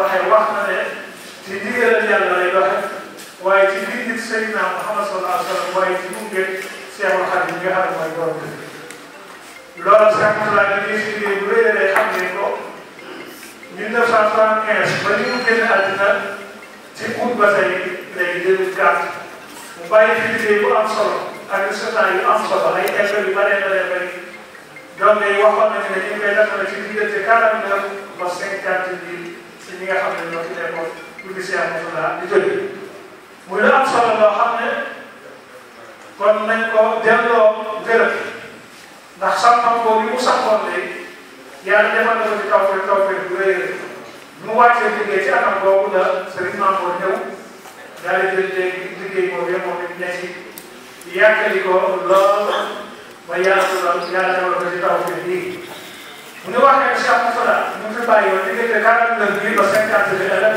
waxee wax na ne ci ndigalal yàlla lay doxe waaye ci biir nit Seydina Muhammad sallallahu alayhi wa sallam waaye ci gunge Seexul Xadiim bi nga xam ne mooy borom bi loolu Seex Murtada bi ñu si bu réeree xam ne ko 1975 ba ni mu génn àddina ci août ba tey léegi 2004 mu bàyyi fi liggéey bu am solo ak résultats yu am solo ay école yu bëree bëree bëri donc waxoon nañu ne ñu ngi koy defal ci diggante quarante neuf ba cinquante mille ci ñi nga xam ne ñoo fi nekkoon lu gisee am di jóge muy lu am solo loo xam ne kon nañ ko delloo gërëm ndax sàmmam boobu mu sàmmoon léegi yàlla defal na ko ci taw bi taw bi bu rëy mu wàccee liggéey ci anam boobu la Serigne Mambo ñëw daal di jël léegi liggéey boobu yëpp moom it ne ci yàkkali ko lool ba yàlla ko lool yàlla defal ko ci taw bi léegi bu ñu waxee Cheikh Moustapha ñu ngi fi bàyyi woon diggante quarante neuf mille ba cinquante mille la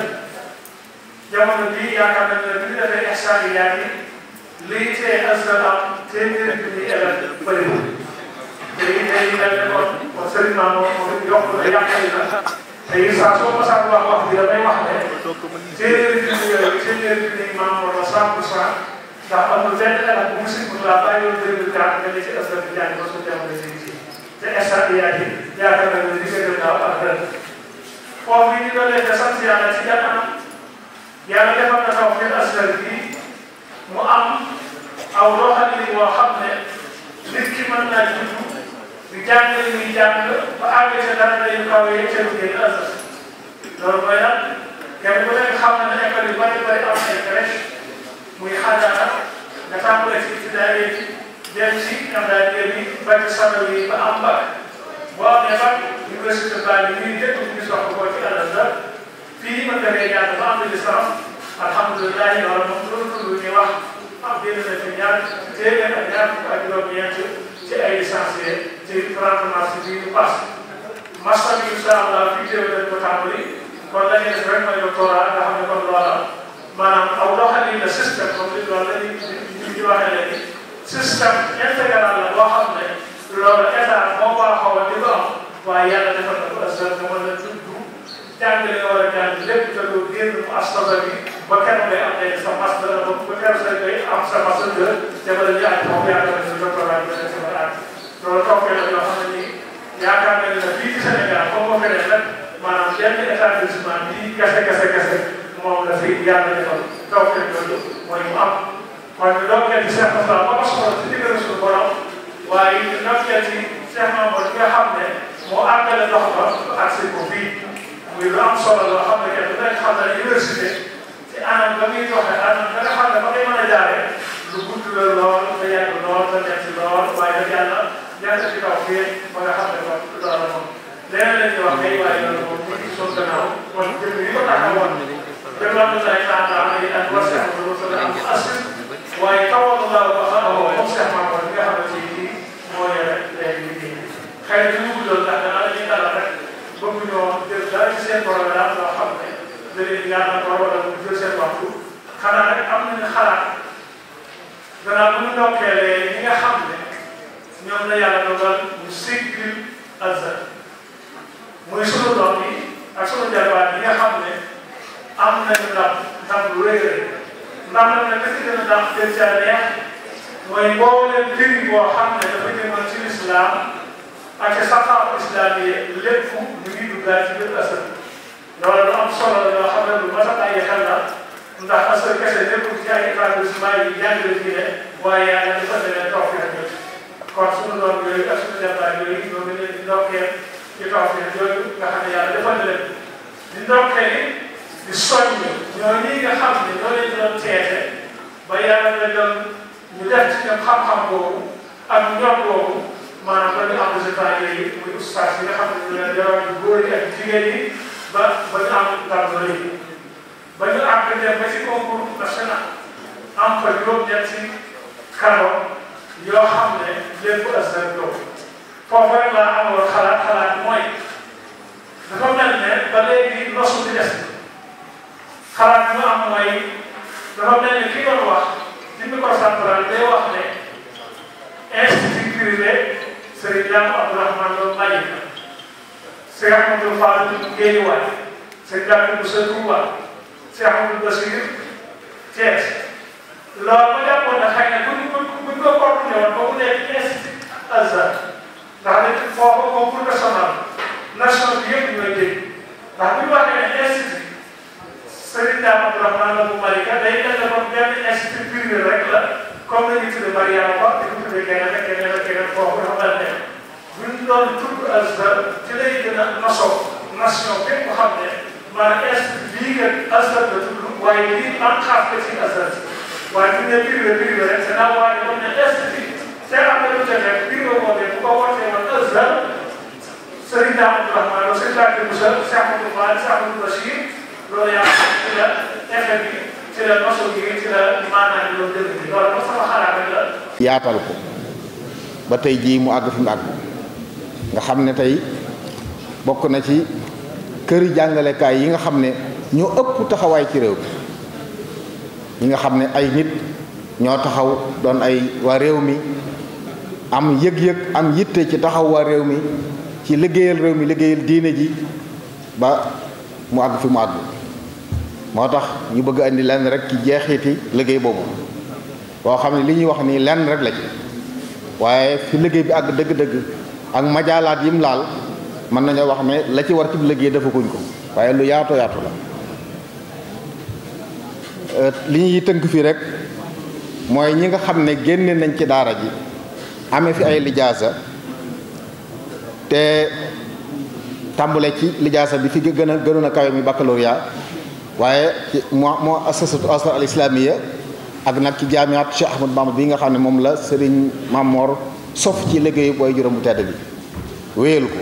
jamono bii yaakaar nañ ne bi ñu defee instant yi yaa ngi lii tee asalaam téeméer bi ñuy élève bëri na léegi tey ñu mel ne kon kon sëriñ Maam moom yokk na yàqali na tey saa soo ko sax wax wax bi damay wax ne téeméer bi ñu yooyu téeméer bi ñuy maam moom la cent pour cent ndax amul benn élève bu mu si pour la bàyyi woon deux mille quatre nga ne ci asalaam bi jaay ba su jamono te instant bi yaa ngi yaakaar naa ne li koy def daaw ak ren xool bi ñu doon def sant yàlla ci jàpp na yàlla defal na taw bi askan bi mu am aw loo xam ne moo xam ne nit ki mën naa judd di jàng li muy jàng ba àgg ca dara yu kaw yi ca lu génn askan loolu mooy lan kenn ku nekk xam na ne école yu bari bari am ay crèche muy xaajaata nga tàmbalee ci ci daayee dem si candidature bi ba ci solo ba am bac boo am ne bac université Ba bi ñuy dégg ñu soxla ko ci Al-Azhar ba am licence alhamdulilah loolu moom loolu lu ñuy wax am benn benn ñaar téeméer ak ñaar fukk ak juróom-ñeent ci ay licenciés ci transhumance bii ñu pass master bi incha allah ko tàmbali kon la ñuy def rek ma doctorat nga xam ne kon loola maanaam aw doxalin la système comme li loolu la ñuy ñu waxee système intégral la boo xam ne loolu état moo baaxoo woon di ko am waaye yàlla defal na ko askan nga mën a tudd jàng li nga war a jàng lépp te doo génn mu astafar yi ba kenn ngay am ay sa master la ba ba kenn say ngay am sa master de jamono ji ak moom yaakaar nañ ne doctorat bi nga sama laaj loolu toppee la yoo xam ne nii yaakaar nañ ne fii ci Sénégal comme moo ko def nag maanaam benn établissement bi kese kese kese moom la fi yàlla defal toppee loolu mooy mu am. kon ndokkeel ci Seex Mustafa ba ko soxla ci ndigal suñu borom waaye it ndokkeel ci Seex Mamadou ki nga xam ne moo àggale ndox ba ak si ko fii muy lu am solo loo xam ne kenn du nekk xam ne université ci anam ba muy joxe anam ba nga xam ne ba ngay mën a jaaree lu gudd la lool te yàgg lool te nekk lool waaye nag yàlla ñaata ci kaw fii ba nga xam ne kon loolu la moom leneen la ñuy wax kay waaye loolu moom ñu ngi sonn gannaaw kon jëm yi ko taxawoon jëm la ko say naan daal ay ak wasa ko asir waaye tawoon na la ba xam ne moom Cheikh Mamadou nga xamante ni bii moo yore léegi liggéey xëy na li mu guddoon ndax dana dañuy dalal rek bëgguñoo jël dara ci seen problème daal loo xam ne léegi daanaka wala mu jël seen waxtu xanaa rek am nañu xalaat danaa bu ñu ndokkeelee ñi nga xam ne ñoom la yàlla dogal mu séggil azal mooy sunu doom yi ak sunu jarbaat yi nga xam ne am nañu ndam ndam lu rëy rëy ndax nag nag li ci gën a dàq gën caa neex mooy mbooleem mbir boo xam ne dafa jëmoon ci lislaam ak saxaaf islaam yi lépp ñu ngi duggaat ci biir asar loolu lu am solo la yoo xam ne lu mat a bàyyi xel la ndax asar kese lépp ci ay établissement yi jàngale ji ne waaye yaa ngi fa demee toog ak kon suñu doom yooyu ak suñu jàmbaar yooyu ñoo ngi leen di ndokkee ci toog fi yooyu nga xam ne yàlla defal na leen di soññi ñoo ñi nga xam ne ñoo leen doon teete ba yàlla na doon ñu def ci ñoom xam-xam boobu ak ñoom boobu maanaam ba ñu am résultat yooyu muy ustaas yi nga xam ne ñu leen yoroon góor yi ak jigéen yi ba ba ñu am ndam loolu ba ñu àggante ba ci concours national am fa juróom-ñetti kano yoo xam ne lépp askan yow foofu rek laa amoon xalaat xalaat mooy dafa mel ne ba léegi losu di des xalaat bi ma am mooy dafa mel ni ki doon wax ci microcentral day wax ne institut privé Serigne Dame Abdourahmane Lo Mali Cheikh Amadou Fadou Guédiawaye Serigne Dame Bousso Touba Cheikh Amadou Bassir Thiès loolu ma jàppoon ne xëy na bu ñu bu ñu ko coordonné woon ba mu nekk institut Azhar ndax dañu foofu concours national nation bi yëpp ñooy dégg ndax bu ñu waxee institut Sëriñ Dame Abdourahmane la bu Malika day mel ne moom benn institut privé rek la comme ni ñu tuddee Mariama Ba di ko tuddee keneen ak keneen ak keneen foofu dafa mel ne bu ñu doon tudd Azhar ci lay gën a nasoo nation képp xam ne maanaam institut bii kat Azhar la tudd waaye lii am xaaf la ci Azhar waaye bu ñu nee privé privé rek c'est naa waaye comme ne institut te am na lu ca nekk privé boo bu ko wootee woon Azhar Sëriñ Dame Abdourahmane la Sëriñ Bakary Moussa Cheikh yaatal ko ba tey jii mu àgg fi mu àgg nga xam ne tey bokk na ci këri jàngalekaay yi nga xam ne ñoo ëpp taxawaay ci réew mi ñi nga xam ne ay nit ñoo taxaw doon ay waa réew mi am yëg-yëg am yitte ci taxaw waa réew mi ci liggéeyal réew mi liggéeyal diine ji ba mu àgg fi mu àgg moo tax ñu bëgg indi lenn rek ci jeexiti liggéey boobu boo xam ne li ñuy wax nii lenn rek la ci waaye fi liggéey bi àgg dëgg-dëgg ak majaalaat yim laal mën nañoo wax ne la ci war ci liggéey defaguñ ko waaye lu yaatu yaatu la euh, li ñuy tënk fii rek mooy ñi nga xam ne génne nañ ci daara ji ame fi ay lijaasa te tàmbule ci lijaasa bi fi gën a gënoon a kawe mi baccalauréat waaye moo moo asasatu asar al islamiya ak nag ci jaamiat Cheikh Ahmad Bamba bi nga xam ne moom la Serigne Mamor sof ci liggéeyu booy juróom bu tedd bi wéyal ko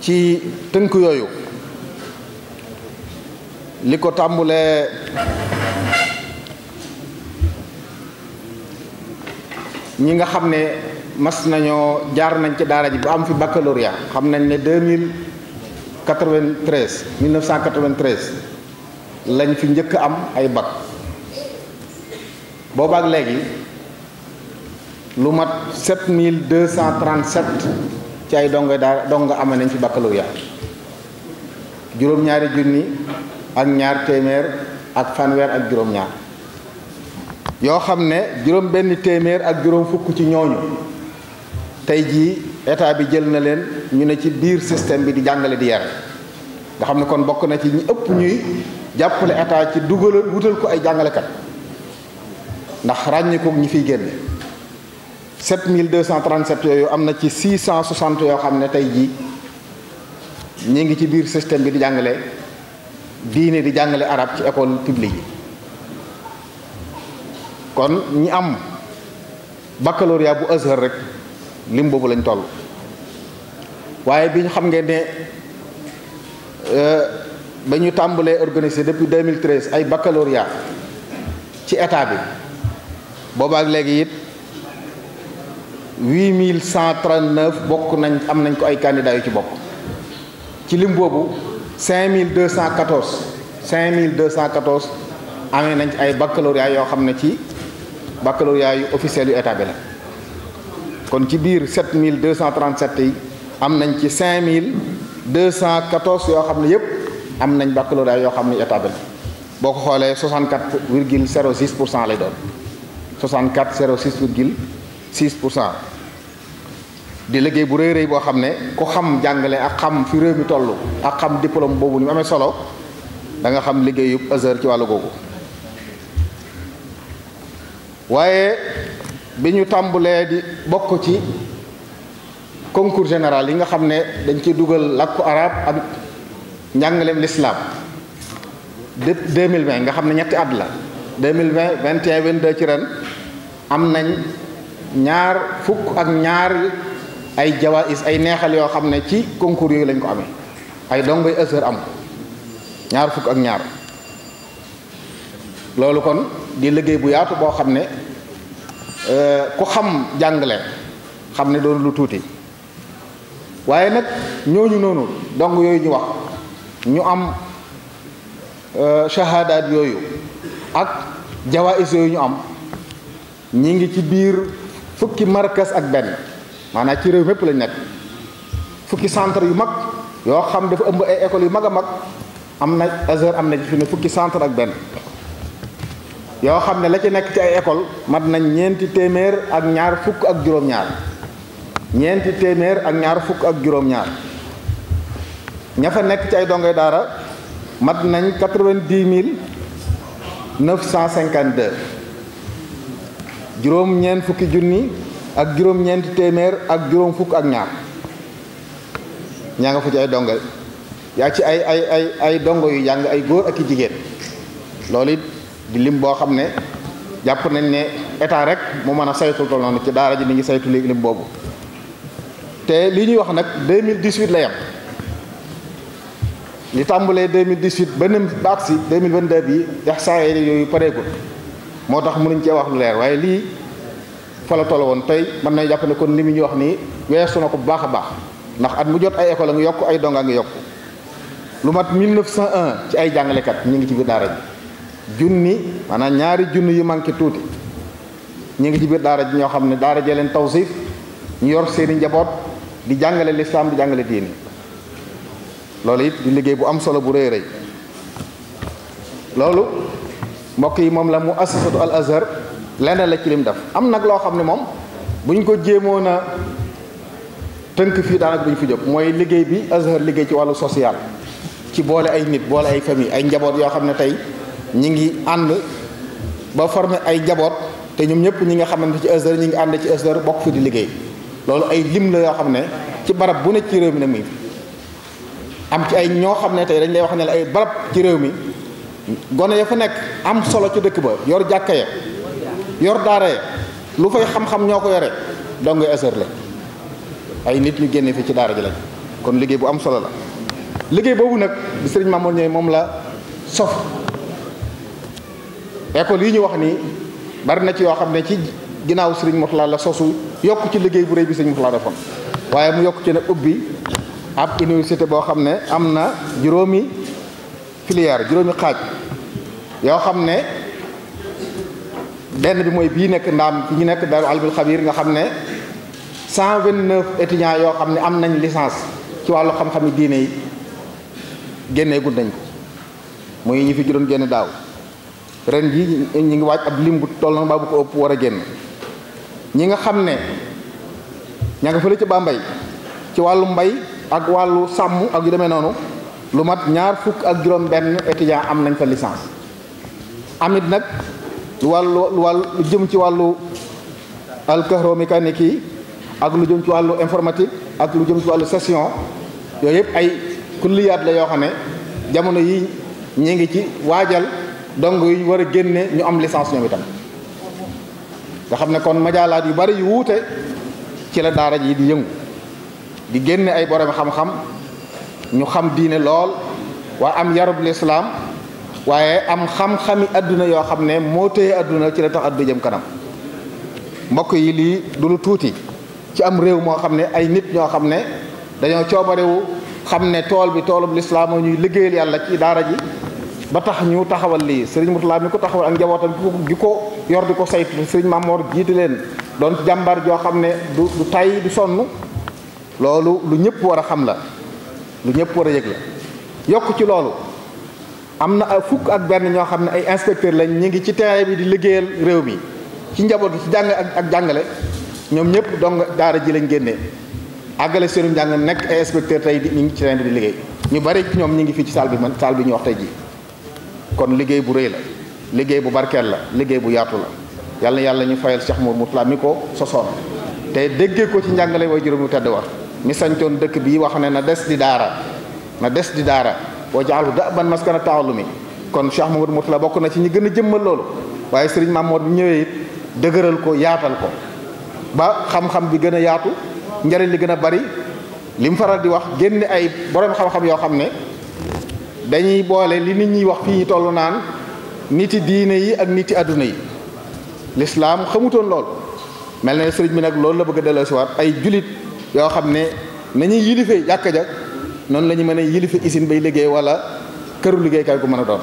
ci tënk yooyu li ko tàmbulee ñi nga xam ne mas nañoo jaar nañ ci daara ji bu am fi baccalauréat xam nañ ne 2000 93 1993 lañ fi njëkk am ay bac boobaak léegi lu mat 7237 ci ay dongo daara dongo amee nañ fi baccalauréat juróom-ñaari junni ak ñaar téeméer ak fanweer ak juróom-ñaar yoo xam ne juróom benn téeméer ak juróom fukk ci ñooñu tey jii état bi jël na leen ñu ne ci biir système bi di jàngale di yar nga xam ne kon bokk na ci ñi ëpp ñuy jàppale état ci dugalal wutal ko ay jàngalekat ndax ràññeekook ñi fiy génne 7237 yooyu am na ci 660 yoo xam ne tey jii ñi ngi ci biir système bi di jàngale diine di jàngale arab ci école publique yi kon ñi am baccalauréat bu Azhar rek lim boobu lañ toll waaye bi ñu xam ngeen ne euh, ba ñu tàmbalee organiser depuis 2013 ay baccalauréat ci état bi boobaak léegi it 8139 bokk nañ am nañ ko ay candidats yu ci bokk ci lim boobu 5214 5214 amee nañ ci ay baccalauréat yoo xam ne ci baccalauréat yu officiel yu état bi la. kon ci biir 7237 yi am nañ ci 5214 yoo xam ne yëpp am nañ baccalauréat yoo xam ne état bi boo ko xoolee 64 virgule 06 pour cent lay doon 64 06 virgule 6 pour cent di liggéey bu rëy rëy boo xam ne ku xam jàngale ak xam fi réew mi toll ak xam diplôme boobu ni mu amee solo da nga xam liggéeyu yu ci wàllu googu waaye bi ñu tàmbulee di bokk ci concours général yi nga xam ne dañ ci dugal làkku arab ak njàngaleem lislaam de 2020 nga xam ne ñetti at la 2020 21 22 ci ren am nañ ñaar fukk ak ñaar ay jawaïs ay neexal yoo xam ne ci concours yooyu lañ ko amee ay dongoy aseur am ñaar fukk ak ñaar loolu kon di liggéey bu yaatu boo xam ne Euh, ku xam jàngale xam ne doon lu tuuti waaye nag ñooñu noonu dong yooyu ñu wax ñu am euh, shahadaat yooyu ak jawaïs yooyu ñu am ñi ngi ci biir fukki markas ak benn maanaam ci réew mépp lañ nekk fukki centre yu mag yoo xam dafa ëmb ay écoles yu mag a mag am na Azhar am na ci fukki centre ak benn yoo xam ne la ci nekk ci ay école mat nañ ñeenti téeméer ak ñaar fukk ak juróom-ñaar ñeenti téeméer ak ñaar fukk ak juróom-ñaar ña fa nekk ci ay dongoy daara mat nañ quatre vingt mille neuf cent cinquante-deux juróom-ñeent fukki junni ak juróom-ñeenti téeméer ak juróom fukk ak ñaar ñaa nga fa ci ay dongo yaa ci ay ay ay ay dongo yu jàng ay góor ak i jigéen loolu it di lim boo xam ne jàpp nañ ne état rek mu mën a saytu tol noonu ci daara ji mi ngi saytu léegi lim boobu te li ñuy wax nag 2018 la yem li tàmbalee 2018 ba nem ba agsi 2022 bi ihsaa yi paree ko moo tax mënuñ cee wax lu leer waaye lii fa la toll woon tey mën nañ jàpp ne kon li mu ñuy wax nii weesu na ko bu baax a baax ndax at mu jot ay école a ngi yokk ay donga ngi yokk lu mat 1901 ci ay jàngalekat ñu ngi ci biir daara ji junni maanaam ñaari junni yu manqué tuuti ñu ngi ci biir daara ji ñoo xam ne daara jee leen tawsif ñu yor seeni njaboot di jàngale lislaam di jàngale diini loolu it di liggéey bu am solo bu rëy rëy loolu mbokk yi moom la mu assasatu al azhar lenn ci lim def am nag loo xam ne moom buñ ko jéemoon a tënk fii daanaka duñ fi jóg mooy liggéey bi azhar liggéey ci wàllu social ci boole ay nit boole ay famille ay njaboot yoo xam ne tey ñi ngi ànd ba former ay jaboot te ñoom ñëpp ñi nga xamante ci Azhar ñi ngi ànd ci Azhar bokk fi di liggéey loolu ay lim la yoo xam ne ci barab bu nekk ci réew mi nag muy am ci ay ñoo xam ne tey dañ lay wax ne ci réew mi gone ya fa nekk am solo ci dëkk ba yor jàkka ya yor daara ya lu fay xam-xam ñoo ko yore dongoy Azhar la ay nit ñu génne fii ci daara ji lañ kon liggéey bu am solo la liggéey boobu nag bi sëriñ ñooy moom la sof école yi ñu wax nii bari na ci yoo xam ne ci ginnaaw sëriñ Mourtala la sosu yokk ci liggéey bu rëy bi sëriñ Mourtala defoon waaye mu yokk ci nag ubbi ab université boo xam ne am na juróomi filière juróomi xaaj yoo xam ne benn bi mooy bii nekk ndaam ñu nekk Daaru Almil Xabiir nga xam ne cent vingt-neuf yoo xam ne am nañ licence ci wàllu xam-xami diine yi génnee gudd nañ ko muy ñi fi juróom génn daaw ren ji ñi ngi waaj ab limbut bu toll na mbaa bu ko ëpp war a génn ñi nga xam ne ñaa nga fële ci Bambey ci wàllu mbay ak wàllu sàmm ak yu demee noonu lu mat ñaar fukk ak juróom benn étudiant am nañ fa licence amit nag lu wàllu lu jëm ci wàllu alkahromécanique yi ak lu jëm ci wàllu informatique ak lu jëm ci wàllu session yooyu yëpp ay kulliyaat la yoo xam ne jamono yi ñu ngi ci waajal dong yi war a génne ñu am licence ñoom itam nga xam ne kon majaalaat yu bari yu wuute ci la daara ji di yëngu di génne ay borom xam-xam ñu xam diine lool waaye am yarub lislaam waaye am xam-xami àdduna yoo xam ne moo téye àdduna ci la tax àdduna jëm kanam mbokk yi lii du lu tuuti ci am réew moo xam ne ay nit ñoo xam ne dañoo coobarewu xam ne tool bi toolub lislaam ñuy liggéeyal yàlla ci daara ji ba tax ñu taxawal lii sëriñ Mourtala mi ko taxawal ak njabootam gi ko yor di ko saytu sëriñ Mamor jiite leen doon jàmbar joo xam ne du du tay du sonn loolu lu ñëpp war a xam la lu ñëpp war a yëg la yokk ci loolu am na ay fukk ak benn ñoo xam ne ay inspecteur lañ ñi ngi ci terrain bi di liggéeyal réew mi ci njaboot ci jàng ak jàngale ñoom ñëpp dong daara ji lañ génnee àggale seenu njàng nekk ay inspecteur tey di ñu ngi ci terrain bi di liggéey ñu bari ñoom ñu ngi fii ci salle bi man salle bi ñu wax tey kon liggéey bu rëy la liggéey bu barkeel la liggéey bu yaatu la yàlla na yàlla ñu fayal Cheikh Mour Moutala mi ko sosoon te déggee ko ci njàngale way juróom bu tedd wax mi sañtoon dëkk bi wax ne na des di daara na des di daara wa jaalu da ban maskana mi kon Cheikh Mour la bokk na ci ñi gën a jëmmal loolu waaye Serigne Mamour bi ñëwee dëgëral ko yaatal ko ba xam-xam bi gën a yaatu njëriñ li gën a bari li mu faral di wax génn ay borom xam yoo xam ne. dañuy boole li nit ñi wax fii ñu toll naan niti diine yi ak nit niti àdduna yi lislaam xamutoon lool mel na sëriñ bi nag loolu la bëgg a delloosiwaat ay julit yoo xam ne nañuy yilife jàkka ja noonu lañu mën a yilife usine bay liggéey wala këru liggéeykaay gu mën a doon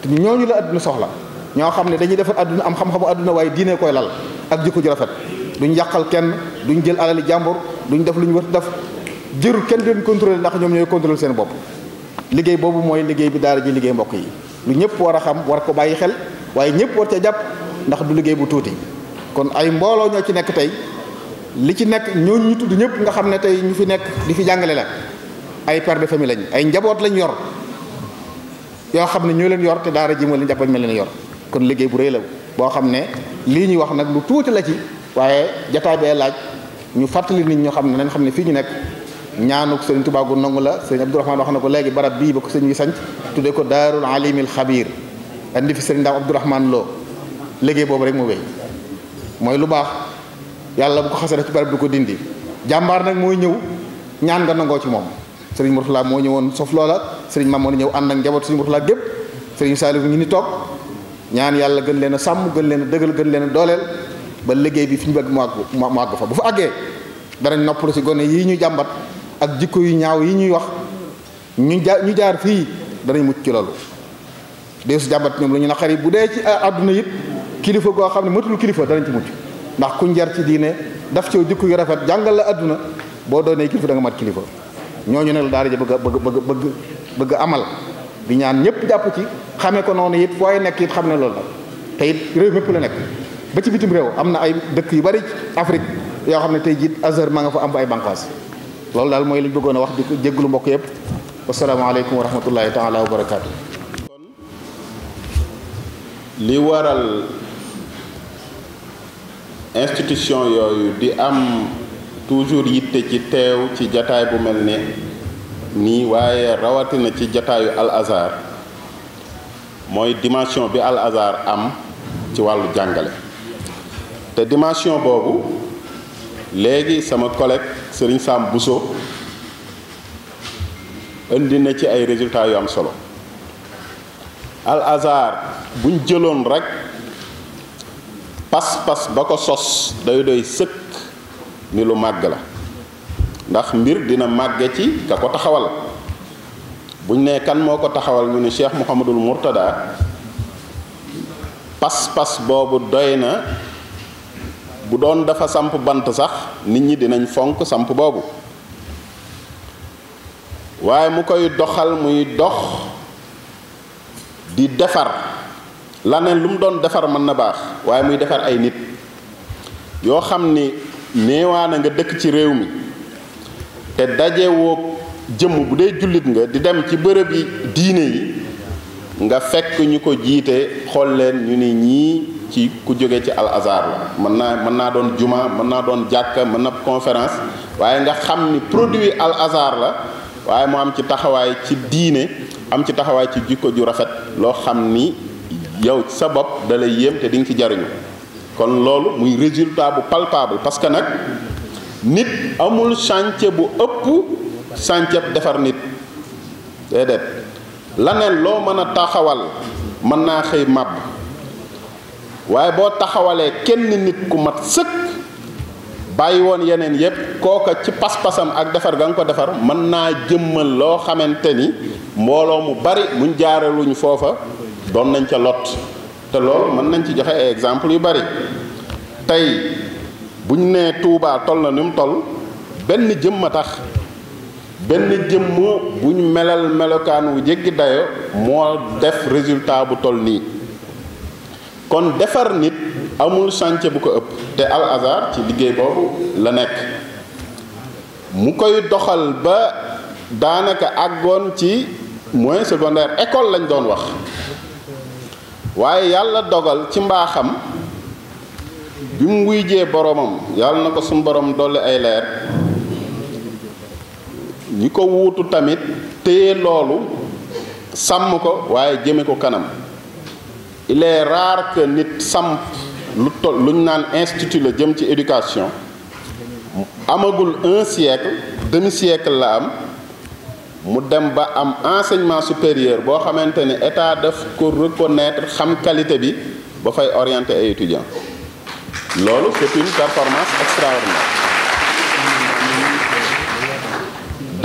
te ñooñu la adduna soxla ñoo xam ne dañuy defar àdduna am xam-xamu àdduna waaye diine koy lal ak jikko ju rafet duñ yàqal kenn duñ jël alali jàmbur duñ def lu ñu war def jërul kenn doon contrôler ndax ñoom ñooy contrôler seen bopp liggéey boobu mooy liggéey bi daara ji liggéey mbokk yi lu ñëpp war a xam war ko bàyyi xel waaye ñëpp war ca jàpp ndax du liggéey bu tuuti kon ay mbooloo ñoo ci nekk tey li ci nekk ñoo ñu tudd ñëpp nga xam ne tey ñu fi nekk di fi jàngale la ay père de famille ay njaboot lañ yor yoo xam ne ñoo leen yor te daara ji moo leen jàppal ma leen yor kon liggéey bu rëy la boo xam ne lii ñuy wax nag lu tuuti la ci waaye jataay bee laaj ñu fàttali nit ñoo xam ne nañ xam ne fii ñu nekk ñaanuk sëriñ Tuubaa gu nangu la sëriñ Abdourahmane wax na ko léegi barab bii ba ko sëñ bi sanc tudde ko daarul alimil xabiir andi fi sëriñ Ndaam Abdourahmane loo liggéey boobu rek mu wéy mooy lu baax yàlla bu ko xasee ci barab du ko dindi jàmbaar nag mooy ñëw ñaan nga nangoo ci moom sëriñ Mourtala moo ñëwoon sof loola sëriñ Mamoon ñëw ànd ak njaboot sëriñ Mourtala gépp sëriñ Saliou ngi ni toog ñaan yàlla gën leen a sàmm gën leen a dëgal gën leen dooleel ba liggéey bi fi ñu bëgg mu àgg mu àgg fa bu fa àggee danañ noppalu ci yii ñu jàmbat ak jikko yu ñaaw yi ñuy wax ñu jaar ñu jaar fii danañ mucc ci loolu dee su jàmbat ñoom la ñu naqar yi bu dee ci àdduna it kilifa goo xam ne matul kilifa danañ ci mucc ndax ku jar ci diine daf ci jikko yu rafet jàngal la àdduna boo doonee kilifa da nga mat kilifa ñooñu nag la daara ja bëgg bëgg bëgg bëgg bëgg amal di ñaan ñëpp jàpp ci xamee ko noonu it fooy nekk it xam ne loolu la te it réew mépp la nekk ba ci bitim réew am na ay dëkk yu bari Afrique yoo xam ne tey jiit Azhar ma nga fa am ay bànqaas lool daal mooy li bëggoona wax di ko jégglu mbokk yëpp wasalaamaaleykum wa rahmatullahi taala wa barakaatu kon li waral institution yooyu di am toujours yitte ci teew ci jataay bu mel ni nii waaye rawatina ci jataayu al azhar mooy dimension bi al azhar am ci wàllu jàngale te dimension boobu léegi sama collègue sëriñ Sam Bousso indi na ci ay résultats yu am solo al azar buñ jëloon rek pas-pas ba ko sos day doy sëkk ni lu màgg la ndax mbir dina màgge ci ka ko taxawal buñ ne kan moo ko taxawal ñu ne Cheikh Mouhamadul Mourtada pas-pas boobu doy na bu doon dafa samp bant sax nit ñi dinañ fonk samp boobu waaye mu koy doxal muy dox di defar laneen lu mu doon defar mën na baax waaye muy defar ay nit yoo xam ni néewaana nga dëkk ci réew mi te dajewoo jëmm bu dee jullit nga di dem ci bërëb yi diine yi nga fekk ñu ko jiite xool leen ñu ni ñii ci ku jóge ci al azhar la mën naa mën naa doon juma mën naa doon jàkk mën na conférence waaye nga xam ni produit al azhar la waaye mu am ci taxawaay ci diine am ci taxawaay ci jikko ju rafet loo xam ni yow sa bopp da lay yéem te di nga ci jariñu kon loolu muy résultat bu palpable parce que nag nit amul chantier bu ëpp chantier defar nit déedéet laneen loo mën a taxawal mën naa xëy màbb waaye boo taxawalee kenn nit ku mat sëkk bàyyi woon yeneen yépp kooka ci pas-pasam ak defar ga nga ko defar mën naa jëmmal loo xamante ni mbooloo mu bari muñ jaaraluñ foofa doon nañ ca lot te lool mën nañ ci joxe ay exemple yu bari tey buñ nee Touba toll na ni mu toll benn jëmm a tax benn jëmm buñ melal melokaan wu jéggi dayo moo def résultat bu toll nii kon defar nit amul chantier bu ko ëpp te Al Azhar ci liggéey boobu la nekk mu koy doxal ba daanaka àggoon ci moyen secondaire école lañ doon wax waaye yàlla dogal ci mbaaxam bi mu wuyjee boromam yàlla na ko suñu borom dolli ay leer ñi ko wuutu tamit téye loolu sàmm ko waaye jëme ko kanam il est rare nit samp lu tol lu ñu naan institut la jëm ci éducation amagul un siècle demi siècle la am mu dem ba am enseignement supérieur boo xamante ne état daf ko reconnaître xam qualité bi ba fay orienter ay étudiants loolu c'est performance extraordinaire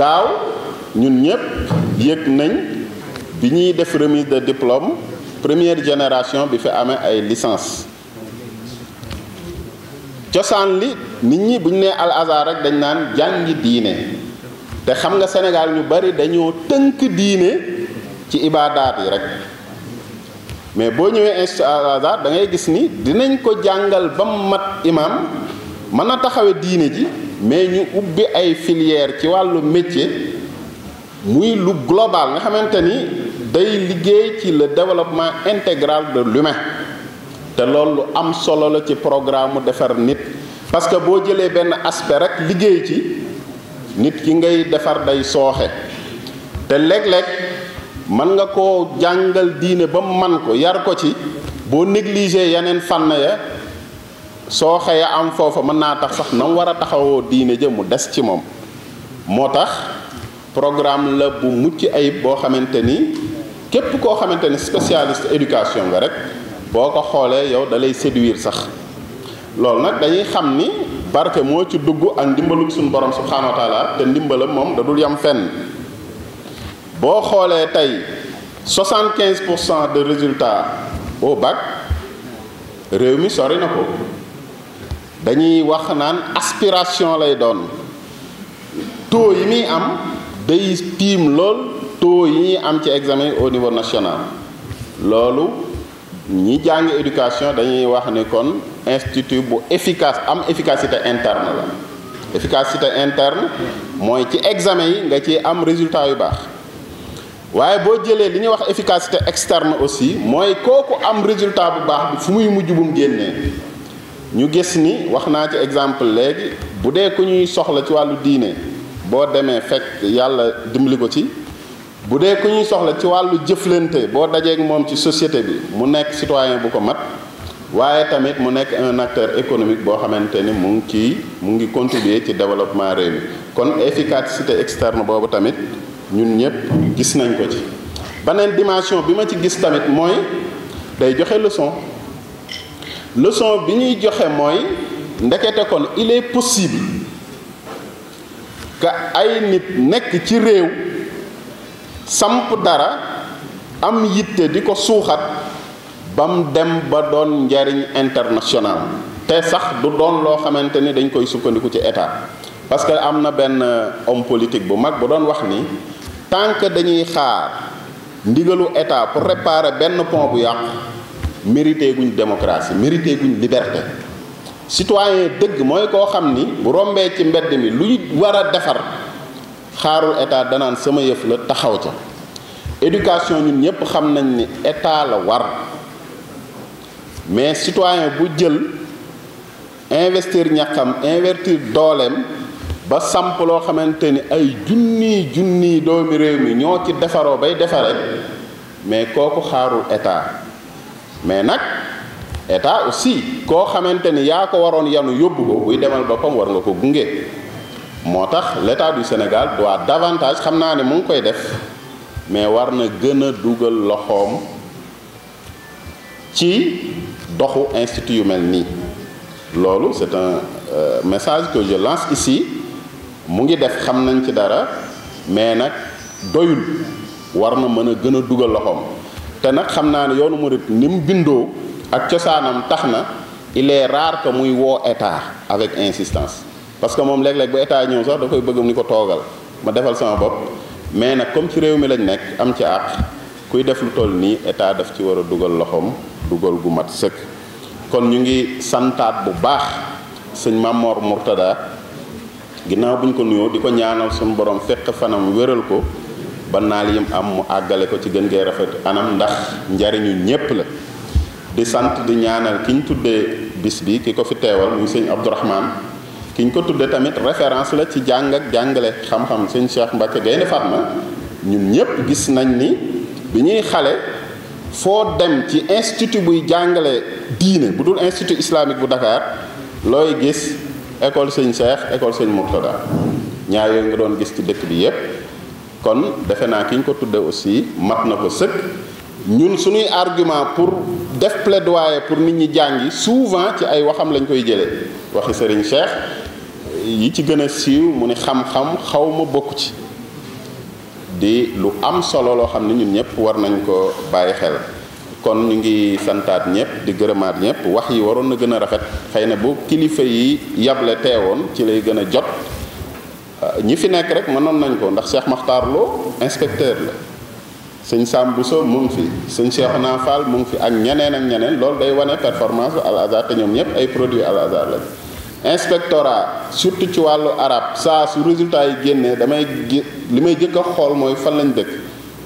daaw ñun ñëpp yëg nañ bi ñuy def remise de diplôme première génération bi fi amee ay licence cosaan li nit ñi buñ nee al azhar rek dañ naan jàngi diine te xam nga Sénégal ñu bari dañoo tënk diine ci ibaadaat yi rek mais boo ñëwee institut al azhar da ngay gis ni dinañ ko jàngal ba mat imam mën na taxawee diine ji mais ñu ubbi ay filière ci wàllu métier muy lu global nga xamante ni. day liggéey ci la développement intégral de l'humain te loolu am solo la ci programme defar nit parce que boo jëlee benn aspect rek liggéey ci nit ki ngay defar day sooxe te léeg-léeg mën nga koo jàngal diine ba man ko yar ko ci boo négligé yeneen fànn ya sooxe ya am foofa mën naa tax sax na war a taxawoo diine ja mu des ci moom moo tax programme la bu mucc ayib boo xamante ni képp koo xamante ne spécialiste éducation nga rek boo ko xoolee yow da lay séduire sax loolu nag dañuy xam ni barke moo ci dugg ak ndimbalum suñu borom subhanahu wa taala te ndimbalam moom dadul dul yam fenn boo xoolee tey 75 pour cent de résultat au bac réew mi sori na ko dañuy wax naan aspiration lay doon taux yi muy am day tiim lool. taux yi ñuy am ci examen au niveau national loolu ñi jàng éducation dañuy wax ni kon institut bu efficace am efficacité interne la efficacité interne mooy ci examen yi nga ci am résultat yu baax waaye boo jëlee li ñu wax efficacité externe aussi mooy kooku am résultat bu baax bi fu muy mujj bum mu génnee ñu gis ni wax naa ci exemple léegi bu dee ku ñuy soxla ci wàllu diine boo demee fekk yàlla dimbali ko ci bu dee ku ñuy soxla ci wàllu jëflante boo dajeeg moom ci société bi mu nekk citoyen bu ko mat waaye tamit mu nekk un acteur économique boo xamante ni mu ngi ciy mu ngi contribuer ci développement réew mi kon efficacité externe boobu tamit ñun ñëpp gis nañ ko ci. beneen dimension bi ma ci gis tamit mooy day joxe leçon leçon bi ñuy joxe mooy ndekete kon il est possible que ay nit nekk ci réew. samp dara am yitte di ko suuxat ba dem ba doon njariñ international te sax du doon loo xamante ni dañ koy sukkandiku ci état parce que am na benn euh, homme politique bu mag bu doon wax ni tant que dañuy xaar ndigalu état pour réparer benn pont bu yàqu mérité guñ démocratie mérité guñ liberté citoyen dëgg mooy koo xam ni bu rombee ci mbedd mi luy war a defar xaarul état danaan sama yëf la taxaw ca éducation ñun ñépp xam nañ ni état la war mais citoyen bu jël investir ñàkkam investir dooleem ba samp loo xamante ni ay junni junni doomi réew mi ñoo ci defaroo bay defare mais kooku xaarul état mais nag état aussi koo xamante ni yaa ko waroon yanu yóbbu ko buy demal boppam war nga ko gunge moo tax l'état du Sénégal doit davantage xam naa ne mu ngi koy def mais war na gën a dugal loxoom ci doxu institut yu mel nii loolu c'est un euh, message que je lance ici mu ngi def xam nañ ci dara mais nag doyul war na mën a gën a dugal loxoom te nag xam naa ne yoonu murit ni mu bindoo ak cosaanam tax na il est rare muy woo état avec insistance parce que moom léeg-léeg bu état ñëw sax da koy bëggam ni ko toogal ma defal sama bopp mais nag comme ci réew mi lañu nekk am ci àq kuy def lu toll nii état def ci war a dugal loxoom dugal gu mat sëkk kon ñu ngi santaat bu baax sëñ Mamor Mourtada ginnaaw buñ ko nuyoo di ko ñaanal suñu borom fekk fanam wéral ko ba naal yim am mu àggale ko ci gën gee rafet anam ndax njariñu ñépp la di sant di ñaanal ki ñu tuddee bis bi ki ko fi teewal muy sëñ Abdourahmane ki ko tudde tamit référence la ci jàng ak jàngale xam-xam sëñ Cheikh Mbacke Gaynde Fatma ñun ñëpp gis nañ ni bi ñuy xale foo dem ci institut buy jàngale diine bu dul institut islamique bu Dakar looy gis école sëñ Cheikh école sëñ Murtada ñaar yooyu nga doon gis ci dëkk bi yépp kon defe naa kiñ ko tudde aussi mat na ko sëkk ñun suñuy argument pour def plaidoyer pour nit ñi jàngi souvent ci ay waxam lañ koy jëlee waxi sëriñ Cheikh yi ci gën a siiw mu ne xam-xam xaw ma bokk ci di lu am solo loo xam ne ñun ñëpp war nañ ko bàyyi xel kon ñu ngi santaat ñëpp di gërëmaat ñëpp wax yi waroon na gën a rafet xëy na bu kilifa yi yable teewoon ci lay gën a jot ñi fi nekk rek mënoon nañ ko ndax seex Makhtar Lo inspecteur la sëñ Sam bu so ngi fi sëñ Cheikh Naa Fall mu ngi fi ak ñeneen ak ñeneen lool day wane performance Al Azhar te ñoom ñëpp ay produits Al Azhar lañ inspectorat surtout ci wàllu arab saa su résultat yi génnee damay li may jëkk xool mooy fan lañu dëkk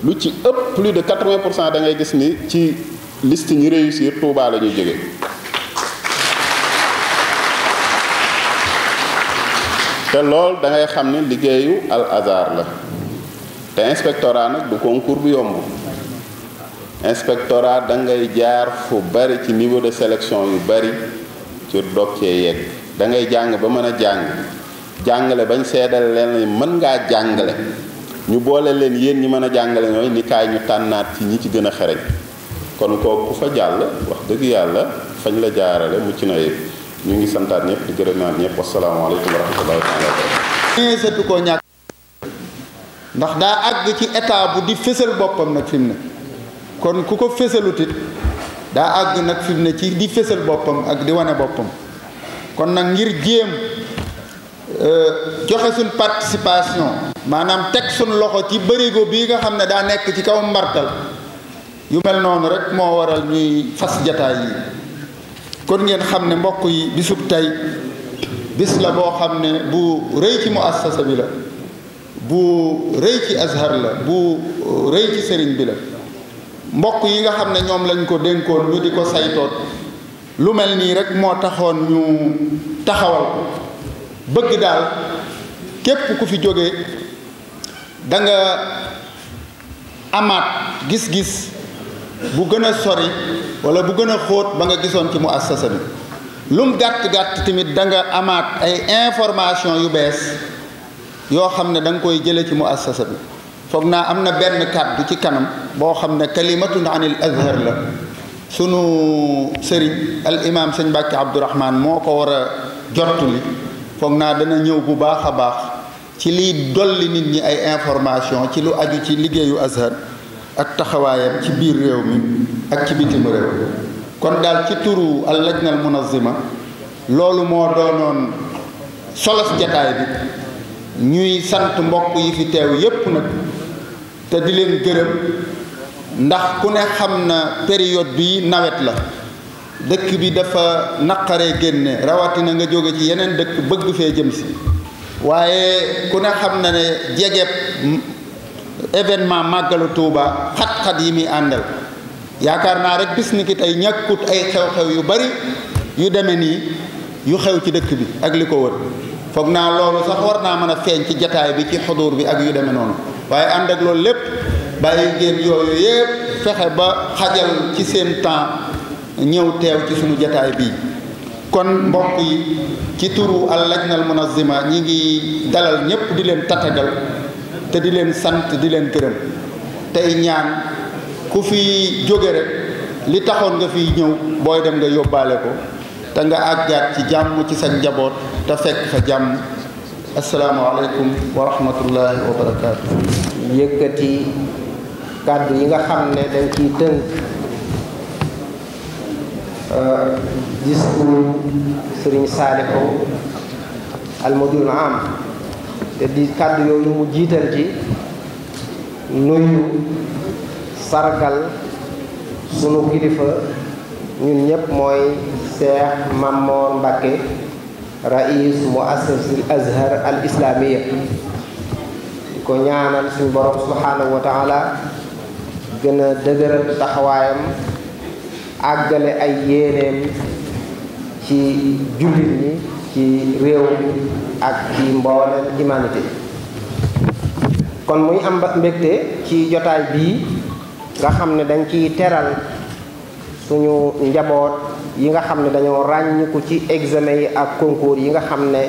lu ci ëpp plus de 80 pour cent da ngay gis ni ci liste ñu réussir Touba la jege te lool da ngay xam ne liggéeyu al azar la te inspectorat nag du concours bu yomb inspectorat da ngay jaar fu bari ci niveau de sélection yu bari ci doog yegg da ngay jàng ba mën a jàng jàngale bañ seedal leen mën ngaa jàngale ñu boole leen yéen ñi mën a jàngale ñooy ni kaay ñu tànnaat ci ñi ci gën a xereñ kon kooku fa jàll wax dëgg yàlla fañ la jaarale mucc na yëpp ñu ngi santaan ñëpp di gërëm naat ñëpp wasalaamaaleykum wa rahmatullahi taala wa koo ndax daa àgg ci état bu di fësal boppam nag ne kon ku ko fësalut daa àgg nag fi ne ci di fësal boppam ak di wane boppam kon nag ngir jéem euh, joxe suñ participation maanaam teg suñ loxo ci bërigo bii nga xam ne daa nekk ci kaw mbartal yu mel noonu rek moo waral ñuy fas jataay yi kon ngeen xam ne mbokk yi bisub tey bis la boo xam ne bu rëy ci mu assasa bi la bu rëy ci azhar la bu rëy ci sëriñ bi la mbokk yi nga xam ne ñoom lañ ko dénkoon ñu di ko saytoot lu mel nii rek moo taxoon ñu taxawal bëgg daal képp ku fi jóge danga amaat gis-gis bu gën a sori wala bu gën a xóot ba nga gisoon ci mu assasa bi lum gàtt-gàtt tamit danga amaat ay information yu bees yoo xam ne da koy jële ci mu assasa bi foog naa am na benn bi ci kanam boo xam ne te kalimatun anil azhar la sunu sëriñ al imam sëñ Mbàkke Abdourahman moo ko war a jottuli foog naa dana ñëw bu baax a baax ci liy dolli nit ñi ay information ci lu aju ci liggéeyu Azhar ak taxawaayam ci biir réew mi ak ci bitim réew kon daal ci turu al lajna al munazima loolu moo doonoon solos jataay bi ñuy sant mbokk yi fi teew yépp nag te di leen gërëm ndax ku ne xam na période bi nawet la dëkk bi dafa naqaree génne rawatina nga jóge ci yeneen dëkk bëgg fee jëm si waaye ku ne xam na ne jegeeb événement màggalu Tuuba xat-xat yi muy àndal yaakaar naa rek bis ni ki tey ñàkkut ay xew-xew yu bari yu demee nii yu xew ci dëkk bi ak li ko wër foog naa loolu sax war naa mën a feeñ ci jataay bi ci xuduur bi ak yu demee noonu waaye ànd loolu lépp bàyyi ngeen yooyu yépp fexe ba xajal ci seen temps ñëw teew ci suñu jataay bi kon mbokk yi ci turu al lajnal munazima ñi ngi dalal ñépp di leen tatagal te di leen sant di leen gërëm tey ñaan ku fi jóge rek li taxoon nga fi ñëw booy dem nga yóbbaale ko te nga àggaat ci jàmm ci sa njaboot te fekk fa jàmm asalaamaaleykum wa rahmatullahi wa barakaatu. yëkkati. kàddu yi nga xam ne dañ ciy tënk euh, discours sëriñ Saalihu al am te di kàddu yooyu mu jiital ci nuyu sargal sunu kilifa ñun ñépp mooy Cheikh Mamour Mbacké rais muassasatul azhar al islamiyya ko ñaanal suñu borom subhanahu wa gën a dëgëral taxawaayam àggale ay yéeneem ci jullit ñi ci réew ak ci mboolem humanité kon muy am mbégte ci jotaay bii nga xam ne dañ ciy teral suñu njaboot yi nga xam ne dañoo ràññiku ci examen yi ak concours yi nga xam ne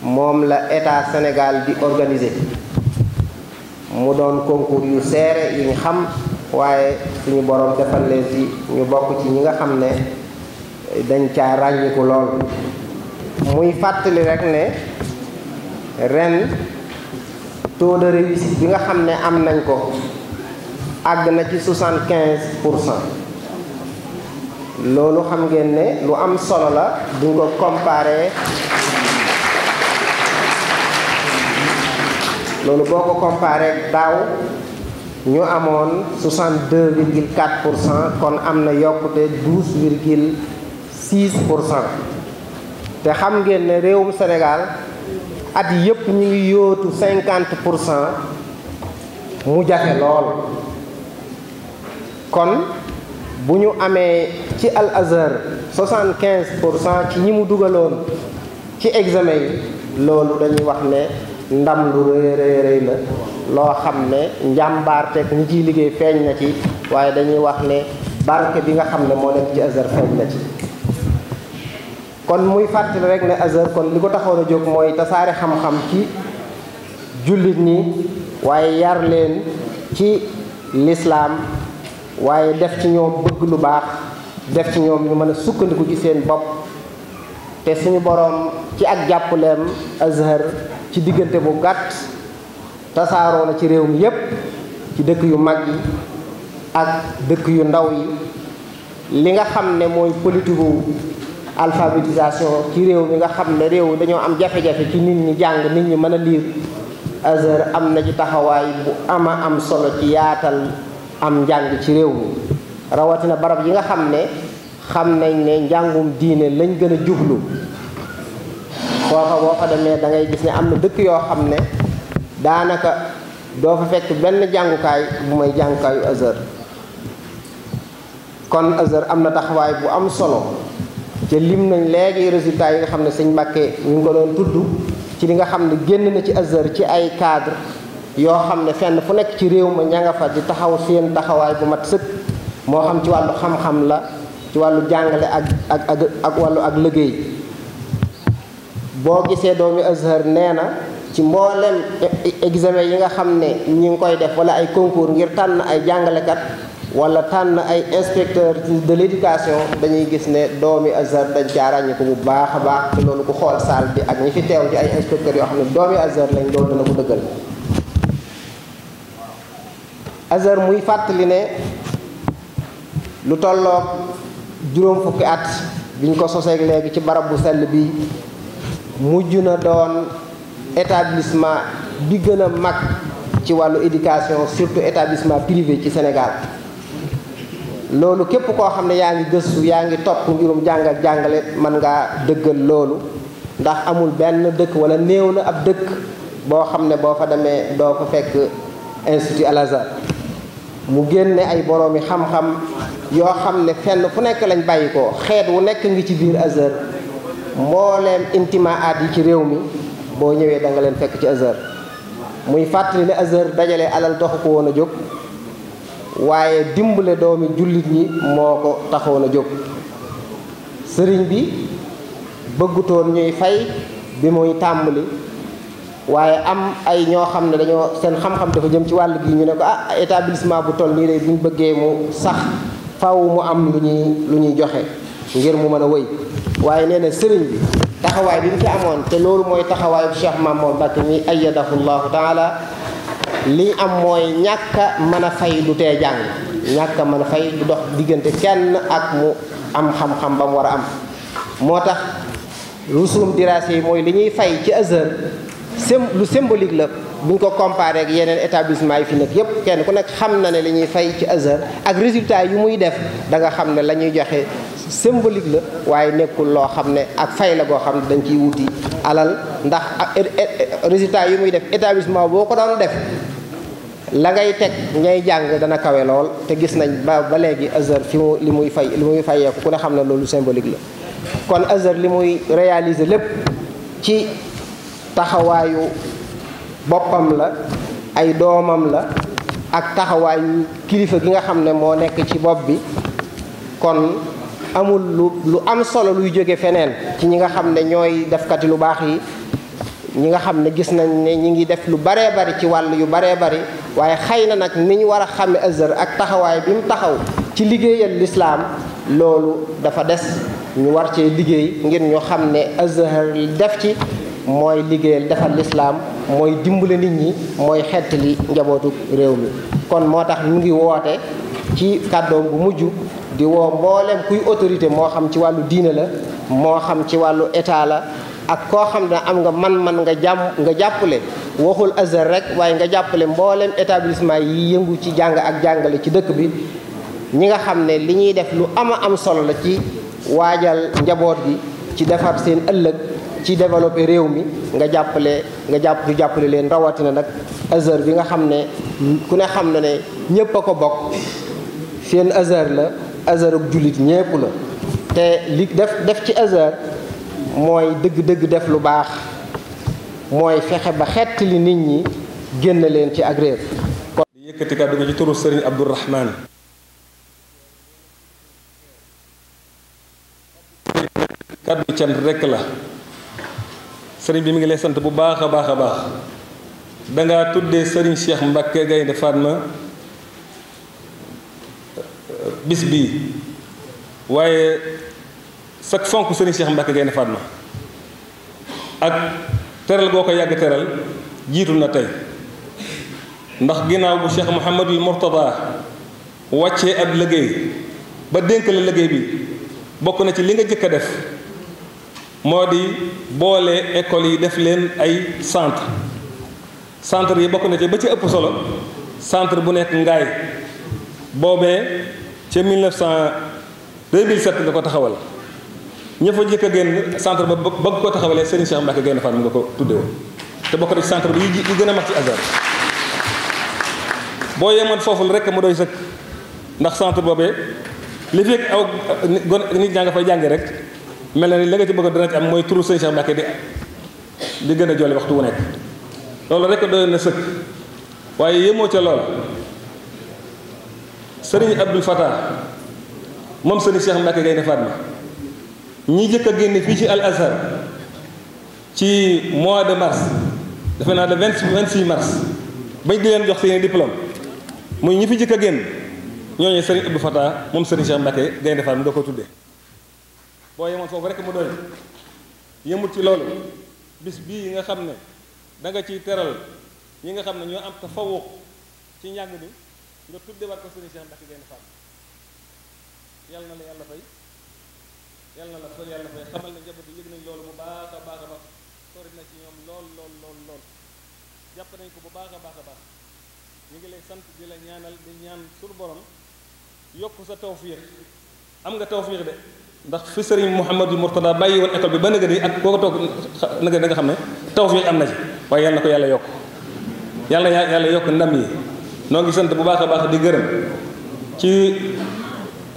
moom la état Sénégal di organisé mu doon concours yu seere yu xam waaye suñu borom defal leen ci ñu bokk ci ñi nga xam ne dañ caa ràññiku lool muy fàttali rek ne ren taux de réussite bi nga xam ne am nañ ko àgg na ci 75 pour cent loolu xam ngeen ne lu am solo la duñ ko comparé loolu boo ko comparé daaw ñu amoon 62 virgule 4 pour cent kon am na yokkute 12 virgule 6 pour cent te xam ngeen ne réewum senegal at yëpp ñu ngi yootu 50 pour cent mu jafe lool kon bu ñu amee ci Al Azhar 75 pour cent ci ñi mu dugaloon ci examen yi loolu dañuy wax ne ndam lu rëy rëy la loo xam ne njàmbaarteeg ñi ciy liggéey feeñ na ci waaye dañuy wax ne barke bi nga xam ne moo nekk ci Azhar feeñ na ci kon muy fàttali rek ne Azhar kon li ko taxoon a jóg mooy tasaare xam-xam ci jullit nii waaye yar leen ci lislaam waaye def ci ñoom bëgg lu baax def ci ñoom ñu mën a sukkandiku ci seen bopp te suñu boroom ci ak jàppaleem Azhar ci diggante bu gàtt tasaaroo na ci réew mi yépp ci dëkk yu mag yi ak dëkk yu ndaw yi li nga xam ne mooy politique alphabétisation ci réew mi nga xam ne réew dañoo am jafe-jafe ci nit ñi jàng nit ñi mën a liir Azhar am na ci taxawaay bu ama am solo ci yaatal am njàng ci réew mi rawatina barab yi nga xam ne xam nañ ne njàngum diine lañ gën a jublu foofa boo fa demee da ngay gis ne am na dëkk yoo xam ne daanaka doo fa fekk benn jàngukaay bu may jàngukaayu Azhar kon Azhar am na taxawaay bu am solo ca lim nañ léegi résultats yi nga xam ne sëñ Mbàkke ñu ngi ko doon tudd ci li nga xam ne génn na ci Azhar ci ay cadre yoo xam ne fenn fu nekk ci réew ma ña nga fa di taxaw seen taxawaay bu mat sëkk moo xam ci wàllu xam-xam la ci wàllu jàngale ak ak ak ak wàllu ak liggéey boo gisee doomi azhar nee na ci mboolem e- e- examen yi nga xam ne ñi ngi koy def wala ay concours ngir tànn ay jàngalekat wala tànn ay inspecteur de l'éducation dañuy gis ne doomi azhar dañ caa ràññi ko bu baax a baax te loolu ku xool saal bi ak ñi fi teew ci ay inspecteurs yoo xam ne doomi azhar lañ loolu dana ko dëggal azhar muy fàttali ne lu tolloog juróom fukki at biñ ko soseeg léegi ci barab bu sell bii mujj na doon établissement bi gën a mag ci wàllu éducation surtout établissement privé ci Sénégal loolu képp koo xam ne yaa ngi gëstu yaa ngi topp ngirum jàng jàngale man nga dëggal loolu ndax amul benn dëkk wala néew na ab dëkk boo xam ne boo fa demee doo fa fekk institut Al mu génne ay boroomi xam-xam yoo xam ne fenn fu nekk lañ bàyyi ko xeet wu nekk ngi ci biir Azhar mbooleem intimaat yi ci réew mi boo ñëwee danga leen fekk ci Azhar muy fàttali ne Azhar dajale alal taxu ko woon a jóg waaye dimbale doomi jullit ñi moo ko taxoon a jóg sëriñ bi bëggutoon ñuy fay bi muy tàmbali waaye am ay ñoo xam ne dañoo seen xam-xam dafa jëm ci wàll gi ñu ne ko ah établissement bu toll nii de bu bëggee mu sax faw mu am lu ñuy lu ñuy joxe ngir mu mën a wëy waaye nee na sëriñ bi taxawaay bi mu fi amoon te loolu mooy taxawaayu Cheikh Mamour Mbacké mi ayyadahu llahu taala li am mooy ñàkk a mën a fay du tee jàng ñàkk a mën a fay du dox diggante kenn ak mu am xam-xam ba mu war a am moo tax rusum diraase yi mooy li ñuy fay ci Azhar lu symbolique la buñ ko comparé ak yeneen établissement yi fi nekk yépp kenn ku nekk xam na ne li ñuy fay ci Azhar ak résultat yu muy def danga xam ne la ñuy joxe symbolique la waaye nekkul loo xam ne ak fay la boo xam ne dañ ciy wuti alal ndax e, e, résultat yu muy def établissement boo ko doon def la ngay teg ñay jàng dana kawe lool te gis nañ ba ba léegi Azhar fi li muy fay li muy fayeeku ku ne xam ne loolu symbolique la kon Azhar li muy réaliser lépp ci taxawaayu boppam la ay doomam la ak taxawaayu kilifa gi nga xam ne moo nekk ci bopp bi kon amul lu lu am solo luy jóge feneen ci ñi nga xam ne ñooy defkati lu baax yi ñi nga xam ne gis nañ ne ñi ngi def lu baree bari ci wàll yu baree bari waaye xëy na nag ni war a xàmme Azhar ak taxawaay bi mu taxaw ci liggéeyal lislaam loolu dafa des ñu war cee liggéey ngir ñu xam ne Azhar def ci mooy liggéeyal defar lislaam mooy dimbale nit ñi mooy xettali njabootu réew mi kon moo tax mu ngi woote ci kàddoom bu mujj di woo mboolem kuy autorité moo xam ci wàllu diine la moo xam ci wàllu état la ak koo xam ne am nga man-man nga jàmm nga jàppale waxul Azhar rek waaye nga jàppale mboolem établissement yi yëngu ci jàng ak jàngale ci dëkk bi ñi nga xam ne li ñuy def lu ama am solo la ci waajal njaboot bi ci defar seen ëllëg ci développé réew mi nga jàppale nga jàpp ñu jàppale leen rawatina nag Azhar bi nga xam ne ku ne xam na ne ñëpp a ko bokk seen Azhar la Azhar ak jullit ñépp la te li def def ci Azhar mooy dëgg-dëgg def lu baax mooy fexe ba xett li nit ñi génn leen ci ak réer kon yëkkati kàddu nga ci turu Sëriñ Abdourahman kàddu cant rekk la sëriñ bi mu ngi lay sant bu baax a baax a baax dangaa tuddee sëriñ Cheikh Mbacke Gaynde Fatma bis bii waaye sag fonk sëriñ Cheikh Mbacke Gaynde Fatma ak teral goo ko yàgg teral jiitu na tey ndax ginnaaw bu Cheikh Mouhamadul Mourtada wàccee ab liggéey ba dénk la liggéey bi bokk na ci li nga jëkk a def moo di boole écoles yi def leen ay centre centre yi bokk na ci ba ci ëpp solo centre bu nekk ngaay boobee ca 1900 2007 nga ko taxawal ña fa jëkk a génn centre ba bëgg ko taxawalee Serigne Cheikh Mbacke Gaïndé Fatma nga ko tudde te bokk na ci centre bi yi gën a mag ci Azhar boo yeman foofu rek mu doy sëkk ndax centre boobee li fekk aw nit ñaa nga fay jànge rek mel na ni la nga ci bëgg dana ci am mooy turu sëñ Cheikh Mbacke di di gën a jolli waxtu wu nekk loolu rek doy na sëkk waaye yéemoo ca lool sëriñ Abdul Fatah moom sëriñ Cheikh Mbacke Gaynde Fatma ñi jëkk a génn fii ci Al Azhar ci mois de mars defe naa le vingt vingt six mars bañ di leen jox seeni diplôme muy ñi fi jëkk a génn ñooñu sëriñ Abdul Fatah moom sëriñ Cheikh Mbacke Gaynde Fatma doo ko tuddee. boo yemoon foofu rek mu doy yemut ci loolu bis bii nga xam ne da nga ciy teral ñi nga xam ne ñoo am tafawuq ci njàng bi nga tuddewaat ko sëriñ Cheikh Mbacke Gaynde Fatma yàlla na la yàlla fay yàlla na la fay yàlla fay xamal ne njaboot yi yëg bu baax a baax a na ci lool lool lool lool jàpp ko bu baax a baax a baax ñu ngi lay sant di la ñaanal di ñaan sur borom yokk sa tawfiix am nga tawfiix de ndax fi sëriñ Mouhamadou Mourtada bàyyi woon école bi ba nëgë ak koo ko toog nëgë da nga xam ne taw fii am na ci waaye yàlla na ko yàlla yokk yàlla yàlla yokk ndam yi ngi sant bu baax a baax di gërëm ci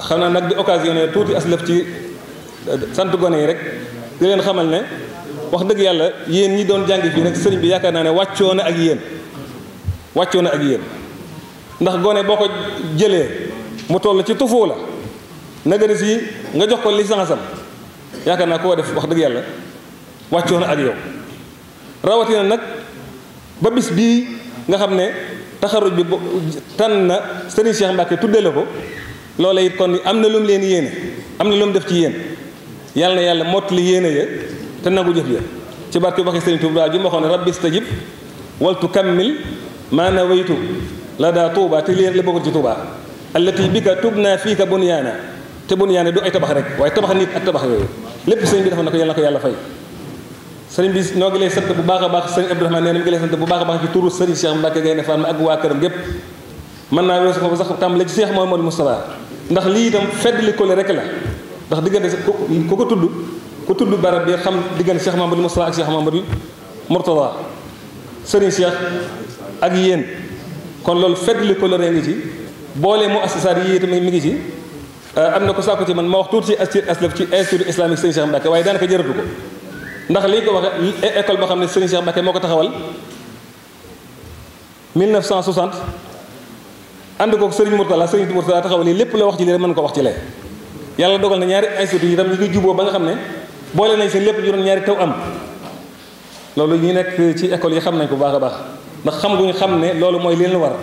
xam naa nag di occasionné tuuti aslëf ci euh, sant gone yi rek di xamal ne wax dëgg yàlla yéen ñi doon jàng fii nag sëriñ bi yaakaar naa ne wàccoo na ak yéen wàccoo ak yéen ndax gone boo ko jëlee mu toll ci tufuu la nag ni si nga jox ko licence am yaakaar naa koo def wax dëgg yàlla wàccoon ak yow rawatina nag ba bis bii nga xam ne taxaruj bi tànn na Serigne Cheikh Mbacke tuddee la ko loola it kon am na lu mu leen yéene am na lu mu def ci yéen yàlla na yàlla mottali yéene ya te nangu jëf ya ci barke waxee Serigne Touba ji ma waxoon rabbi stajib waltu kammil maana waytu la daa Touba te lii rek la bokkul ci Touba allati bika tubna fiika bunyaana te bu nu yaa ne du ay tabax rek waaye tabax nit ak tabax yooyu lépp sëriñ bi dafa na ko yàlla na ko yàlla fay sëriñ bi noo ngi lay sant baax a baax sëriñ Abdourahmane nee na mi ngi lay sant bu baax a baax ci turu sëriñ Cheikh mën naa weesu foofu sax tàmbale ci Cheikh Mouhamadou Moustapha ndax lii itam fedd li rek la ndax diggante ku ko tudd ku tudd barab bi xam diggante Cheikh Mouhamadou Moustapha ak Cheikh Mouhamadou Mourtada sëriñ Cheikh ak yéen kon loolu fedd li kole rek ngi ci boole mu assisaat yi tamit mi ngi ci Euh, am na ko sàkku ci man moo wax tuuti ci astir aslaf ci institut islamique sëñ Cheikh Mbacke waaye daanaka jëratu ko ndax lii ko waxe école boo xam ne sëñ Cheikh Mbacke moo ko taxawal 1960 ànd kook sëriñ Mourtala sëriñ Mourtala taxawal lii lépp la wax ci lii rek mën ko wax ci lee yàlla dogal na ñaari institut yi tam ñu ngi juboo ba nga xam ne boole nañ seen lépp juróom ñaari taw am loolu ñi nekk ci école yi xam nañ ko baax a baax ndax xam ñu xam ne loolu mooy leen war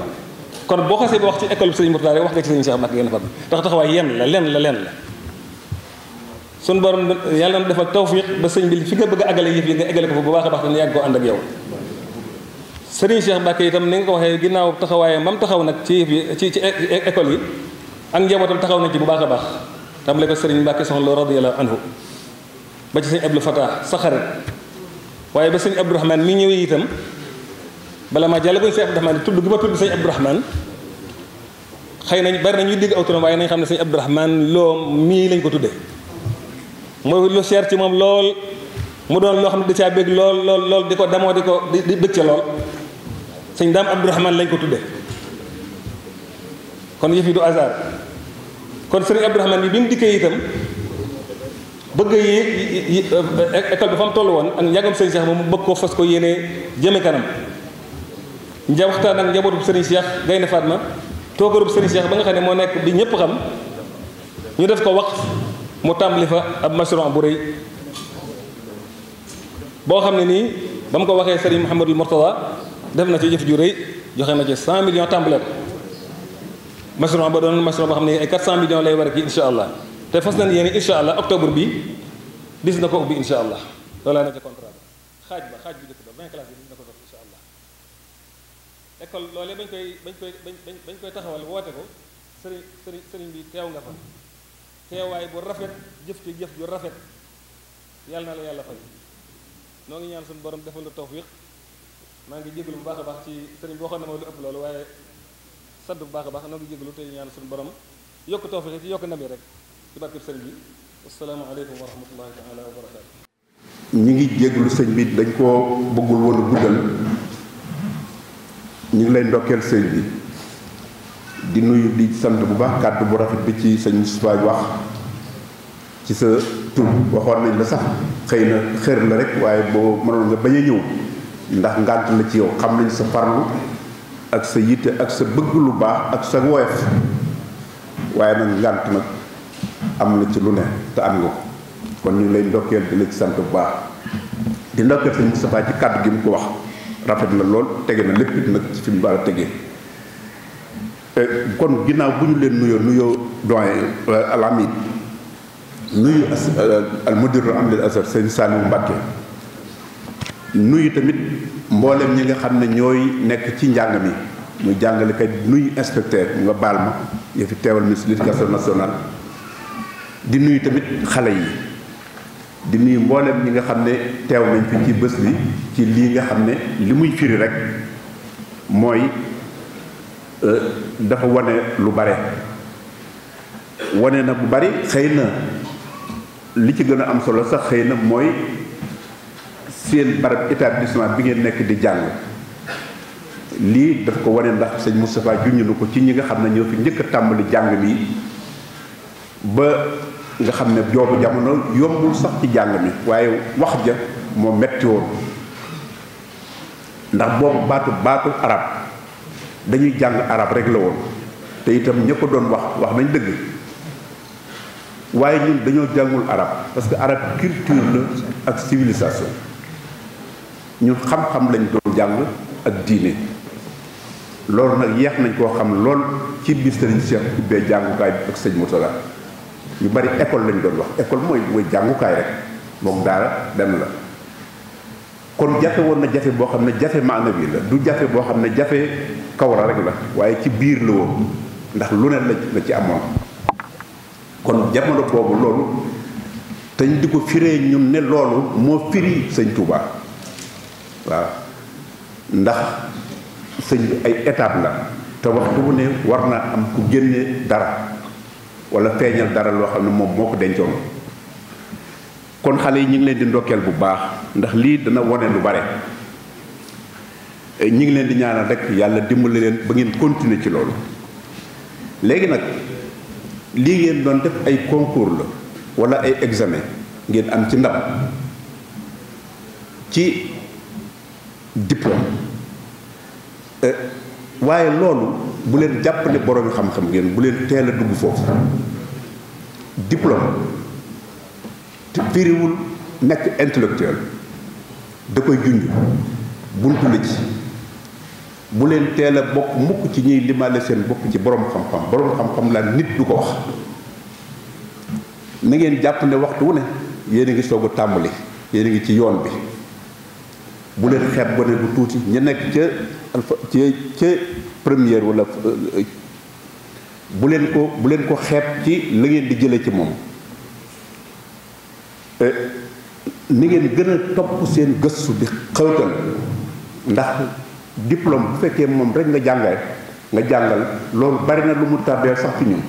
kon boo xasee ba wax ci école bi sëñ Murtada rek wax nga ci sëñ Cheikh Mbacke Gaïndé Fatma ndax taxawaay yenn la lenn la lenn yàlla na defal tawfiq ba sëñ bi fi nga bëgg a àggale yëf yi nga fa bu baax a baax te ñu yàgg koo ànd yow sëriñ Cheikh Mbacke itam ni nga ko waxee ginnaaw taxawaayam mam taxaw nag ci yëf yi ci ci e, e, école yi ak njabootam taxaw na ci bu baax a baax tam la ko sëriñ Mbacke soxna loo radiyallahu anhu ba ci sëñ Abdou Fatah sa xarit waaye ba sëñ Abdourahmane mi ñëwee itam bala ma jàll bu ñu sëñ Abdourahmane tudd gi ma tudd sëñ Abdourahmane xëy nañ bari nañuy dégg aw turam waaye nañ xam ne sëñ Abdourahmane loo mii lañ ko tuddee mooy lu cher ci moom lool mu doon loo xam ne da caa bëgg lool lool di ko damoo di ko di bëgg ca lool sëñ daam Abdourahmane lañ ko tuddee kon yëf yi du hasard kon sëriñ Abdourahmane bi bi mu dikkee itam bëgg yi école bi fa mu toll woon ak njàngam sëñ Cheikh mu bëgg koo fos ko yéenee jëme kanam nja waxtaan ak njabootub sëriñ Cheikh Gaynde Fatma toogarub sëriñ Cheikh ba nga xam ne moo nekk bi ñëpp xam ñu def ko wax mu tàmbali fa ab mashron bu rëy boo xam ne nii ba mu ko waxee sëriñ Mouhamadul Mourtada def na ci jëf ju rëy joxe na ci 100 millions tàmbale ko mashron ba doon mashron boo xam ne ay 400 millions lay war a kii incha allah te fas nañ yéen incha allah octobre bi dis na ko ubbi incha allah loolaa na ca contrat xaaj école loolee bañ koy bañ koy bañ koy taxawal woote ko sëriñ sëriñ sëriñ bi teew nga fa teewaay bu rafet jëf ci jëf ju rafet yàlla naa la yàlla fay noo ngi ñaan suñu borom defal la tawfiq maa ngi jégalu bu baax a baax ci sëriñ bi xam ne moo lu ëpp loolu waaye sant bu baax a baax noo ngi jégalu te ñaan suñu borom yokk tawfiq ci yokk ndam yi rek ci barkeb sëriñ bi asalaamaaleykum wa rahmatullahi taala wa barakaatu. ñu ngi jégalu sëñ bi dañ koo bëggul woon ñu ngi lay ndokkeel sëñ bi di nuyu di sant bu baax kàddu bu rafet bi ci sëñ Moustapha wax ci sa tur waxoon nañ la sax xëy na xër la rek waaye boo mënoon nga bañ a ñëw ndax ngànt la ci yow xam nañ sa farlu ak sa yitte ak sa bëgg lu baax ak sa woyof waaye nag ngànt nag am na ci lu ne te am nga ko kon ñu ngi lay ndokkeel di sant bu baax di ndokkeel sëñ Moustapha ci kàddu gi mu ko wax rafet na lool tege na lépp it nag fi mu war a eh, kon ginnaaw bu ñu leen nuyoo nuyoo doyen euh, alamin nuyu as euh, al mudiru am lil asar sëñ Saliou Mbacke nuyu tamit mboolem ñi nga xam ne ñooy nekk ci njàng mi muy jàngalekat nuyu inspecteur nga baal ma ya fi teewal ministre l'éducation nationale di nuyu tamit xale yi di nuyu mboolem ñi nga xam ne teew nañ fi ci bës bi ci lii nga xam ne li muy firi rek mooy euh, dafa wane lu bare wane na bu bari xëy na li ci gën a am solo sax xëy na mooy seen barab établissement bi ngeen nekk di jàng lii dafa ko wane ndax sëñ Moustapha junj na ko ci ñi nga xam ne ñoo fi njëkk a tàmbali jàng bi ba nga xam ne joobu jamono yombul sax ci jàng mi waaye wax ja moo metti woon ndax boobu baatu baatu arab dañuy jàng arab rek la woon te itam ña ko doon wax wax nañ dëgg waaye ñun dañoo jàngul arab parce que arab culture la ak civilisation ñun xam-xam lañ doon jàng ak diine loolu nag yeex nañ koo xam lool ci bi sëriñ Cheikh ubbee jàngukaay bi ak sëñ Moutala yu bari école lañ doon wax école mooy mooy jàngukaay rek moom daara dem la kon jafe woon na jafe boo xam ne jafe maanawi la du jafe boo xam ne jafe kawra rek la waaye ci biir la woon ndax lu ne la ci amoon kon jamono boobu loolu te ñu di ko firee ñun ne loolu moo firi sëñ Touba waaw ndax sëñ ay étape la te waxtu bu ne war naa am ku génne dara wala feeñal dara loo xam ne moom moo ko dencoon kon xale yi ñu ngi leen di ndokkeel bu baax ndax lii dana wane lu bare ñu ngi leen di ñaanal rek yàlla dimbali leen ba ngeen continuer ci loolu léegi nag lii ngeen doon def ay concours la wala ay examen ngeen am ci ndab ci diplôme euh, waaye loolu bu leen jàpp ne boroomi xam-xam ngeen bu leen teel a dugg foofu diplôme te firiwul nekk intellectuel da koy junj buntu la ci bu leen teel a bokk mukk ci ñuy limaale seen bokk ci boroom xam-xam borom xam-xam la nit du ko wax na ngeen jàpp ne waxtu wu ne yéen ngi soog tàmbali yéen a ngi ci yoon bi bu leen xeeb gone bu tuuti ñu nekk ca alpha ca ca première wala euh, bu leen ko bu leen ko xeeb ci la ngeen di jële ci moom euh, ni ngeen gën a topp seen gëstu bi xawtal ndax diplôme bu fekkee moom rek nga jàngale nga jàngal loolu bari na lu mu tardeel sax ci ñun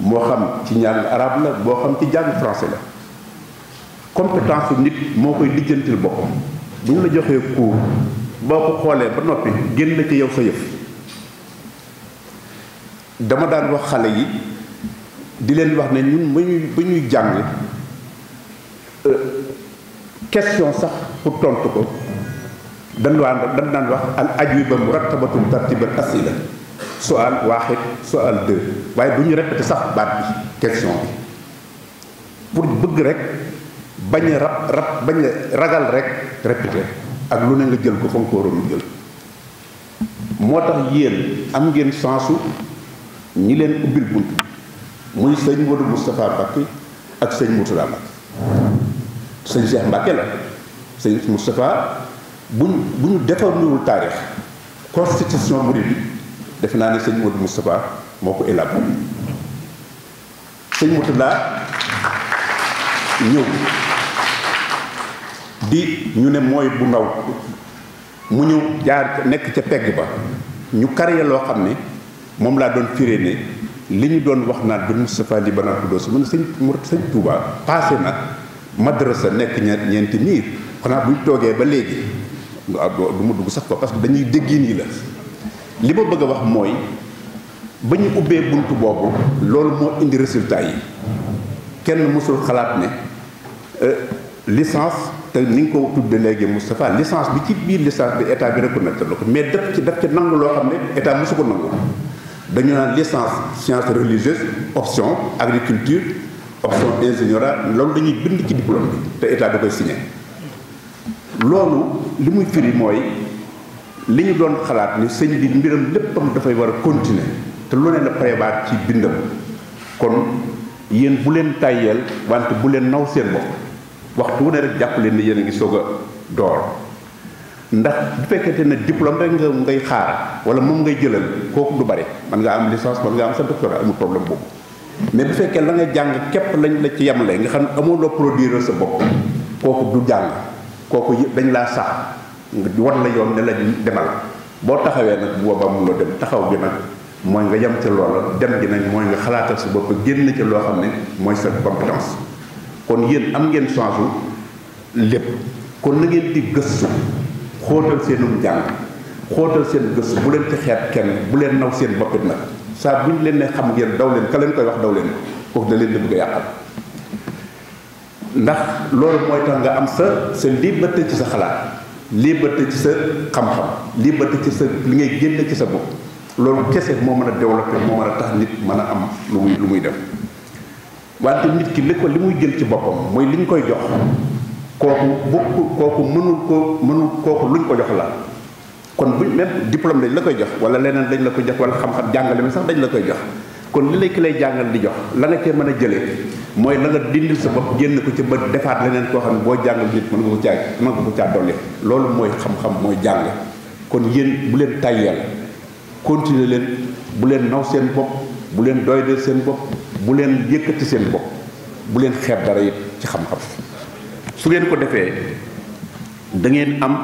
moo xam ci njàng arab la boo xam ci jàng français la compétence nit moo koy lijjantil boppam bu ñu la joxee cours boo ko xoolee ba noppi génn ci yow sa yëf dama daan wax xale yi di leen wax ne ñun ba ñuy ba ñuy jàng euh, question sax pour tontu ko dañ waan dañ daan wax al ajwiba murattabatun tartibal asila soal waaxid soal deux waaye du ñu répété sax baat bi question bi pour bëgg rekk bañ a rab rab bañ ragal rek répété ak lu ne nga jël ko fa nga ko waroon jël moo tax yéen am ngeen sansu ñi leen ubbil bunt muy sëñ Modou Moustapha Mbacké ak sëñ Moutala Mbacké sëñ Cheikh Mbacké la sëñ Moustapha buñ bu ñu déformewul taarix constitution mouride bi def naa ne sëñ Modou Moustapha moo ko élaboré sëñ Moutala ñëw di ñu ne mooy bu ndaw mu ñu jaar nekk ca pegg ba ñu karye loo xam ne moom laa doon firé ne li ñu doon wax naa bi Moustapha Li banaa tuddoo su mën sëñ sëñ Touba passé na madrasa nekk ña ñeenti miir xanaa bu toogee ba léegi ah du ma dugg sax ko parce que dañuy déggiin yi la li ma bëgg a wax mooy ba ñu ubbee buntu boobu loolu moo indi résultat yi kenn mësul xalaat ne euh, licence te ni nga ko tudde léegi Moustapha licence bi ci biir licence bi état bi reconnaître la ko mais def ci def ci nangu loo xam ne état mosu ko nangu dañu naan licence science religieuse option agriculture option ingénieura loolu dañuy bind ci diplôme bi te état da koy signé loolu li muy firi mooy li ñu doon xalaat ni sëñ bi mbiram léppam dafay war a continuer te lu ne la prévoir ci bindam kon yéen bu leen tàyyeel wante bu leen naw seen bopp waxtu wu ne rek jàpp leen ni yéen a ngi soog a door ndax bu fekkente ne diplôme rek nga ngay xaar wala moom ngay jëlal kooku du bari man nga am licence man nga am sa doctorat amul problème boobu mais bu fekkee la nga jàng képp lañ la ci yemale nga xam ne amuloo produire sa bopp kooku du jàng kooku dañ laa sax nga war la yoon ne la demal boo taxawee nag bu boobaa mënuloo dem taxaw bi nag mooy nga yem ca loola dem gi nag mooy nga xalaatal sa bopp génn ci loo xam ne mooy sa compétence kon yéen am ngeen chance lépp kon na ngeen di gëstu xóotal seenum jàng xootal seen gëstu bu leen ci xeet kenn bu leen naw seen boppit nag saa bu ñu leen ne xam ngeen daw leen ka leen koy wax daw leen kooku da leen di bëgg a yàqal ndax loolu mooy tax nga am sa sa liberté ci sa xalaat lii liberté ci sa xam-xam liberté ci sa li ngay génne ci sa bopp loolu kese moo mën a développé moo mën a tax nit mën a am lu muy lu muy dem wante nit ki li ko li muy jël ci boppam mooy li ñu koy jox kooku bokk kooku mënul ko mënul kooku luñ ko jox la kon buñ même diplôme dañ la koy jox wala leneen dañ la koy jox wala xam-xam jàngale mi sax dañu la koy jox kon li lekk lay jàngal di jox la nga cee mën a jëlee mooy la nga dindil sa bopp na ko ci ba defaat leneen koo xam ne boo jàngal nit mën nga ko caa mën ko caa loolu mooy xam-xam mooy jàng kon yéen bu leen tayyeel continuer leen bu leen naw seen bopp bu leen doy de seen bopp bu leen yëkkati seen bopp bu leen xeeb dara it ci xam-xam su ngeen ko defee da ngeen am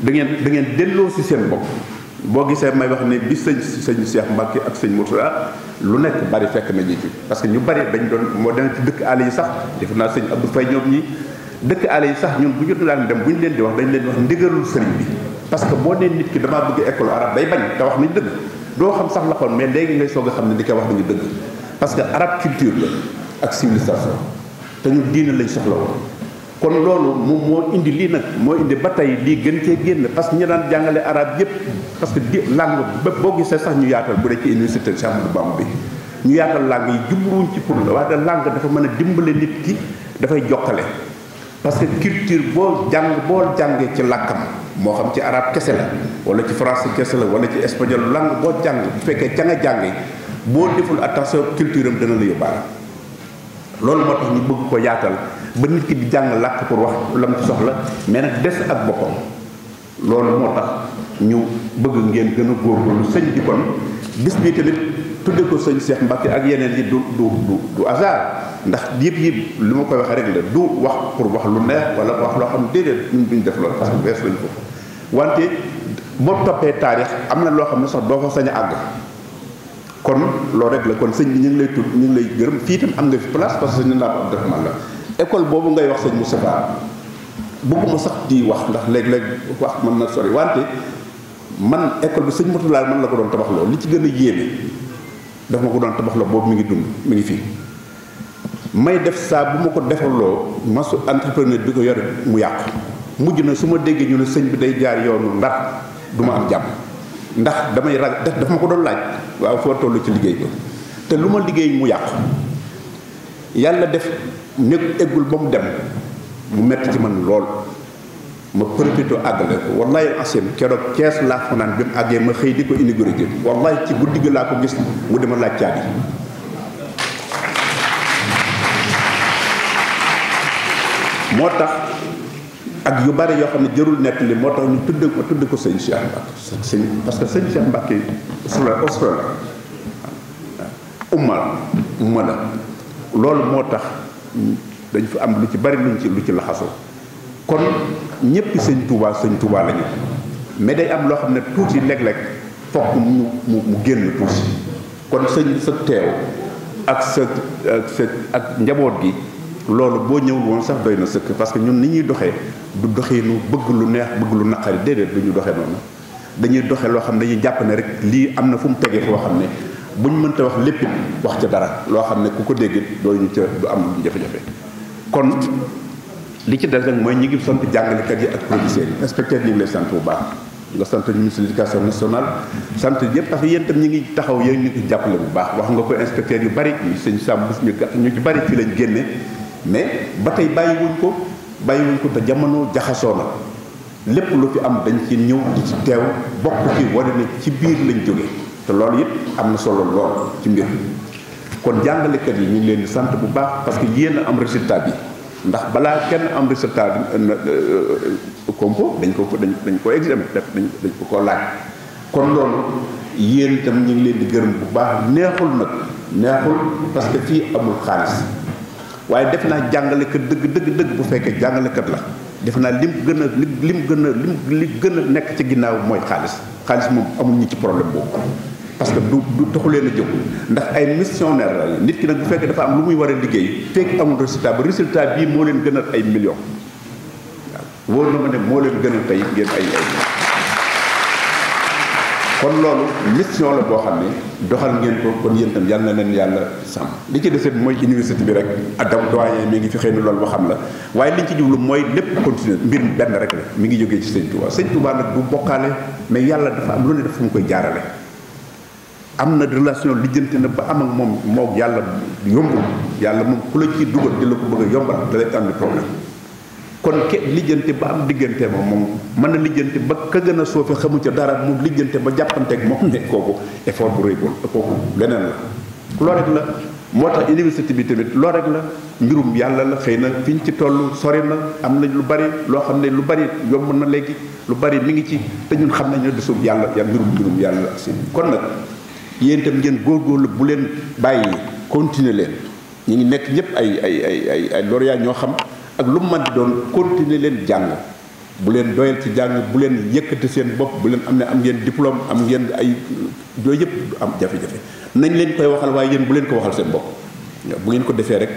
da ngeen da ngeen delloo si seen bopp boo gisee may wax ne bi sëñ sëñ Cheikh Mbacke ak sëñ Moussa lu nekk bari fekk nañu ci parce ñu bari dañ doon moo dem ci dëkk àll yi sax def naa sëñ Abdou Faye ñoom ñi dëkk àll yi sax ñun bu ñu daan dem bu ñu leen di wax dañ leen wax ndigalul sëriñ bi parce que boo nee nit ki damaa bëgg école arabe day bañ te wax nañ doo xam sax la xoon mais léegi ngay soog xam ne li koy wax dañu dëgg parce que arab culture la ak civilisation te ñu diine lañ soxla woon kon loolu moom moo indi lii nag moo indi ba tey lii gën cee génn parce que ñu daan jàngale araab yëpp parce que di langue ba boo gisee sax ñu yaatal bu dee ci université Cheikh Ahmadou Bamba bi ñu yaatal langue yi jubluwuñ ci pour la waaye dafa mën a dimbale nit ki dafay jokkale parce que culture boo jàng boo jàngee ci làkkam moo xam ci arab kese la wala ci français kese la wala ci espagnol langue boo jàng bu fekkee ca nga jàng boo deful attention culture am dana la yóbbaale loolu moo tax ñu bëgg ko yaatal ba nit ki di jàng làkk pour wax lam soxla mais nag ak boppam loolu moo tax ngeen gën a góorgóorlu sëñ bi kon bis bii tamit tudde ko sëñ Cheikh Mbacke ak yeneen yi du du du du hasard ndax yëpp yëpp li ma koy wax rek la du wax pour wax lu neex wala wax loo xam déedéet ñun duñ def loolu parce que wees lañ ko wante boo toppee taarix am na loo xam ne sax doo fa sañ àgg kon loolu rek la kon sëñ bi ñu ngi lay tudd ñu ngi lay gërëm fii itam am nga fi place parce que sëñ Ndao Abdourahmane la école boobu ngay wax sëñ Moustapha bëgguma sax di wax ndax léeg-léeg wax mën na sori wante man école bi sëñ Moutalla man la ko doon tabaxloo li ci gën a yéeme daf ma ko doon tabaxloo boobu mi ngi dund mu ngi fii may def saa bu ma ko defaloo masu entrepreneur bi ko yore mu yàqu. mujj na su ma déggee ñu ne sëñ bi day jaar yoonu ndar du ma am jàmm ndax damay rag daf ma ko doon laaj waaw foo tollu ci liggéey bi te lu ma liggéey mu yàqu yàlla def nekk eggul ba mu dem mu metti ci man lool ma profité àggale ko wallahi asim keroog kees laa fanaan bi mu àggee ma xëy di ko inauguré ji wallahi ci bu gi laa ko gis mu dema laaj caabi moo tax ak yu bari yoo xam ne jërul nekk li moo tax ñu tudd ko tudd ko sëñ Cheikh Mbacke parce que sëñ Cheikh Mbacke usra usra la loolu moo tax dañ fi am lu ci bari luñ ci lu ci laxasoo kon ñëpp sëñ Touba sëñ Touba mais day am loo xam ne tuuti léeg-léeg fokk mu mu génn tuuti kon sëñ sa teew ak sa ak sa ak njaboot gi loolu boo ñëwul woon sax doy na sëkk parce que ñun ni ñuy doxe du doxinu bëgg lu neex bëgg lu naqari déedéet du ñu doxee noonu dañuy doxe loo xam ne dañuy jàpp ne rek lii am na fu mu tegee foo xam ne buñ mënta wax lépp wax ca dara loo xam ne ku ko déggee doo ñu ca du am jafe-jafe kon li ci des nag mooy ñu ngi sant jàngalekat yi ak producteurs yi inspecteur ñi lay sant bu baax nga sant ministre de l'éducation nationale sant yëpp parce que yéen tam ñi ngi taxaw yéen ñu ngi jàppale bu baax wax nga ko inspecteur yu bari sëñ sàmm ñu ci bari ci lañ génne mais ba tey bàyyiwuñ ko bàyyiwuñ ko te jamono jaxasoo na lépp lu fi am dañ ci ñëw di ci teew bokk ci wane ne ci biir lañ jóge te loolu it am na solo lool ci mbir kon jàngalekat yi ñu ngi leen di sant bu baax parce que yéen a am résultat bi ndax balaa kenn am résultat bi euh, euh, compo dañ ko dañ dañ ko examen def dañ dañ ko ko laaj kon loolu yéen itam ñu ngi leen di gërëm bu baax neexul nag neexul parce que fii amul xaalis waaye def naa jàngalekat dëgg dëgg dëgg bu fekkee jàngalekat la def naa lim gën a mu gën a lim li gën a nekk ci ginnaaw mooy xaalis xaalis moom amul ñi ci problème boobu parce que du du taxuleen a jóg ndax ay missionnaire la nit ki nag bu fekkee dafa am lu muy war a liggéey fekk amul résultat ba résultat bii moo leen gën a ay million waaw wóor na moo leen gën a tey ngeen ay ay kon loolu mission la boo xam ne doxal ngeen ko kon yéen yàlla na leen yàlla sàmm li ci deseet mooy université bi rek adam doyen mi ngi fi xëy na loolu waxam la waaye liñ ci jublu mooy lépp continuer mbir benn rek la mi ngi jógee ci sëñ Touba sëñ Touba nag du bokkaale mais yàlla dafa am lu ne dafa mu koy jaarale am na relation lijjante na ba am ak moom moo yàlla yombul yàlla moom ku la ci dugal di la ko bëgg a yombal da lay tànn problème kon ke lijjante ba am diggante ma moom mën na lijjante ba ka gën a soofe xamu ca dara mu lijjante ba jàppanteeg moom ne kooku effort bu rëy kooku leneen la loolu rek la moo tax université bi tamit loolu rek la mbirum yàlla la xëy na fi ñu ci toll sori na am na lu bari loo xam ne lu bari yomb na léegi lu bari mi ngi ci te ñun xam nañ ne suuf yàlla ya mbirum mbirum yàlla si kon nag yéen góor ngeen góorgóorlu bu leen bàyyi continuer leen ñu ngi nekk ñëpp ay ay ay ay ay lauréat ñoo xam ak lu mu mën di doon continuer leen jàng bu leen doyal ci jàng bu leen yëkkati seen bopp bu leen am ne am ngeen diplôme am ngeen ay yooyu yëpp am jafe-jafe nañ leen koy waxal waaye yéen bu leen ko waxal seen bopp bu ngeen ko defee rek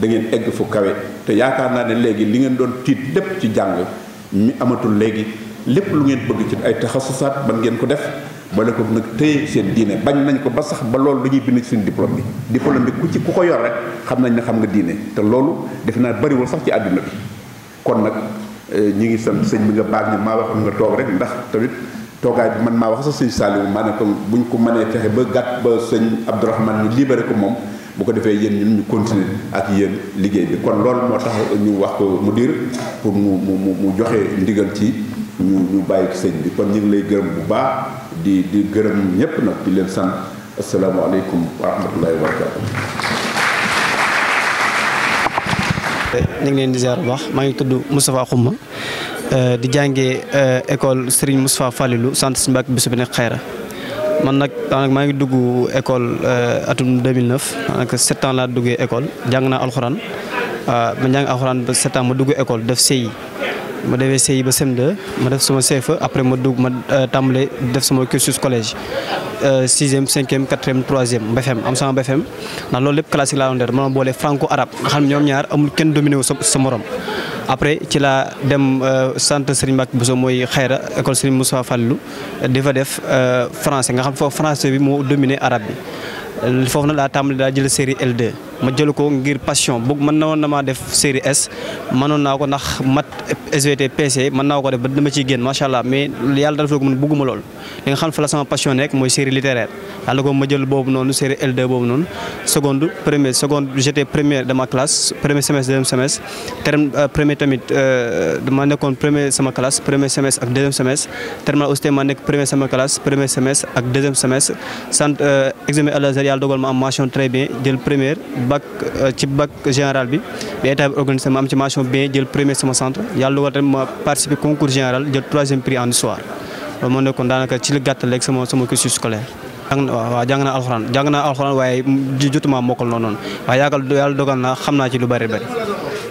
da ngeen egg fu kawe te yaakaar naa ne léegi li ngeen doon tiit lépp ci jàng mi amatul léegi lépp lu ngeen bëgg ci ay taxasusaat ban ngeen ko def boole ko nag téye seen diine bañ nañ ko ba sax ba lool lu ñuy bind ci suñu bi diplôme bi ku ci ku ko yor rek xam nañ ne xam nga diine te loolu def naa bariwul sax ci àdduna bi kon nag euh, ñu ngi sant sëñ bi nga baag ñu maa wax nga toog rek ndax tamit toogaay bi man maa wax sa sëñ Saliou maa ne ko buñ ko mënee fexe ba gàtt ba sëñ Abdourahmane ñu libéré ko moom bu ko defee yéen ñun ñu continuer ak yéen liggéey bi kon loolu moo tax ñu wax ko mu dir pour mu mu mu joxe ndigal ci ñu ñu bàyyi sëñ bi kon ñu ngi lay gërëm bu baax di di gërëm ñépp nag di sant asalaamaaleykum wa rahmatullahi wa barakatu eh, ngi leen di ziar bu maa ngi tudd Moustapha Xumma eh, di jàngee eh, école Serigne Moustapha Falilou sant si Mbàkke bisu bi nekk xayra man nag daanaka maa ngi dugg école atum 2009 daanaka sept ans laa duggee école jàng naa alxuraan ma ah, jàng alxuraan ba sept ma dugg école def CI ma defee CI ba CM2 ma def sama CFEE après ma dugg ma euh, tàmbale def sama cursus collège euh, sixième cinquième quatrième troisième BFM am sama BFM ndax loolu lépp classique laa doon def ma boole franco arabe nga xam ñoom ñaar amul kenn dominé wu sa sa morom. après ci laa dem euh, centre Serigne Mbacke Bousso mooy xayra école Serigne Moussa Fallou defa fa def français nga xam foofu français bi moo dominé arab bi foofu na laa tàmbale daa jël série l ma jël ko ngir passion boog mën na woon na maa def série S mënoon naa ko ndax mat SVT PC mën naa ko def ba dama ciy génn macha allah mais yàlla dafa la ko mën bëgguma lool. li nga xam fa la sama passion nekk mooy série littéraire yàlla ko ma jël boobu noonu série L2 boobu noonu seconde première seconde j'étais première de ma classe premier semestre deuxième semestre terme euh, premier tamit euh, dama nekkoon premier sama classe premier semestre ak deuxième semestre terminal aussi ma nekk premier sama classe premier semestre ak deuxième semestre sant euh, examen Al Azhar yàlla bac euh, ci bac général bi bi état bi organisé ma am ci mention bien jël premier sama centre yàlla lu war tamit ma participer concours général jël troisième prix en histoire loolu moo nekkoon daanaka ci la gàttal sama sama cursus scolaire. jàng naa alxuraan jàng naa alxuraan waaye jotuma mokkal noonu waaye yàggal yàlla dogal naa xam naa ci lu bari bari.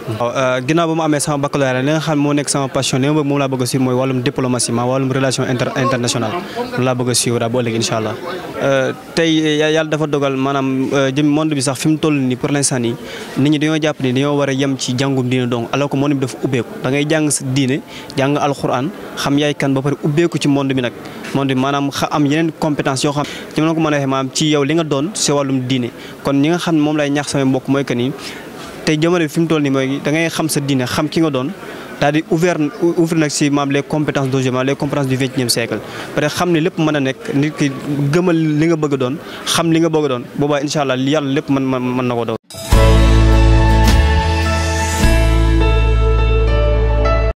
waaw euh, ginnaaw ba mu amee sama a li nga xam moo nekk sama passion li ma bëgg moom laa bëgg a suivre mooy wàllum diplomatie maa wàllum relation inter internationale moom laa bëgg a suivre boo léegi incha allah. Euh, tey euh, yàlla dafa dogal maanaam jëm monde bi sax fi mu toll nii pour l'instant nii nit ñi dañoo jàpp ni dañoo war a yem ci jàngum diine donc alors que monde dafa ubbeeku dangay ngay jàng sa diine jàng alxuraan xam yaay kan ba pare ubbeeku ci monde bi nag monde bi maanaam am yeneen compétence yoo xam ci ma ko mën ci yow li nga doon si wallum diine kon ñi nga xam moom lay ñaax sama mbokk mooy que ni tey jamono bi fi mu toll nii mooy da ngay xam sa diine xam ki nga doon daal di ouvert ouvrir nag si maam les compétences d'aujourd'hui maam les du vingt-et-unième siècle xam ne lépp mën a nekk nit ki gëmal li nga bëgg a doon xam li nga bëgg a doon boobaa incha allah yàlla lépp mën mën na ko doon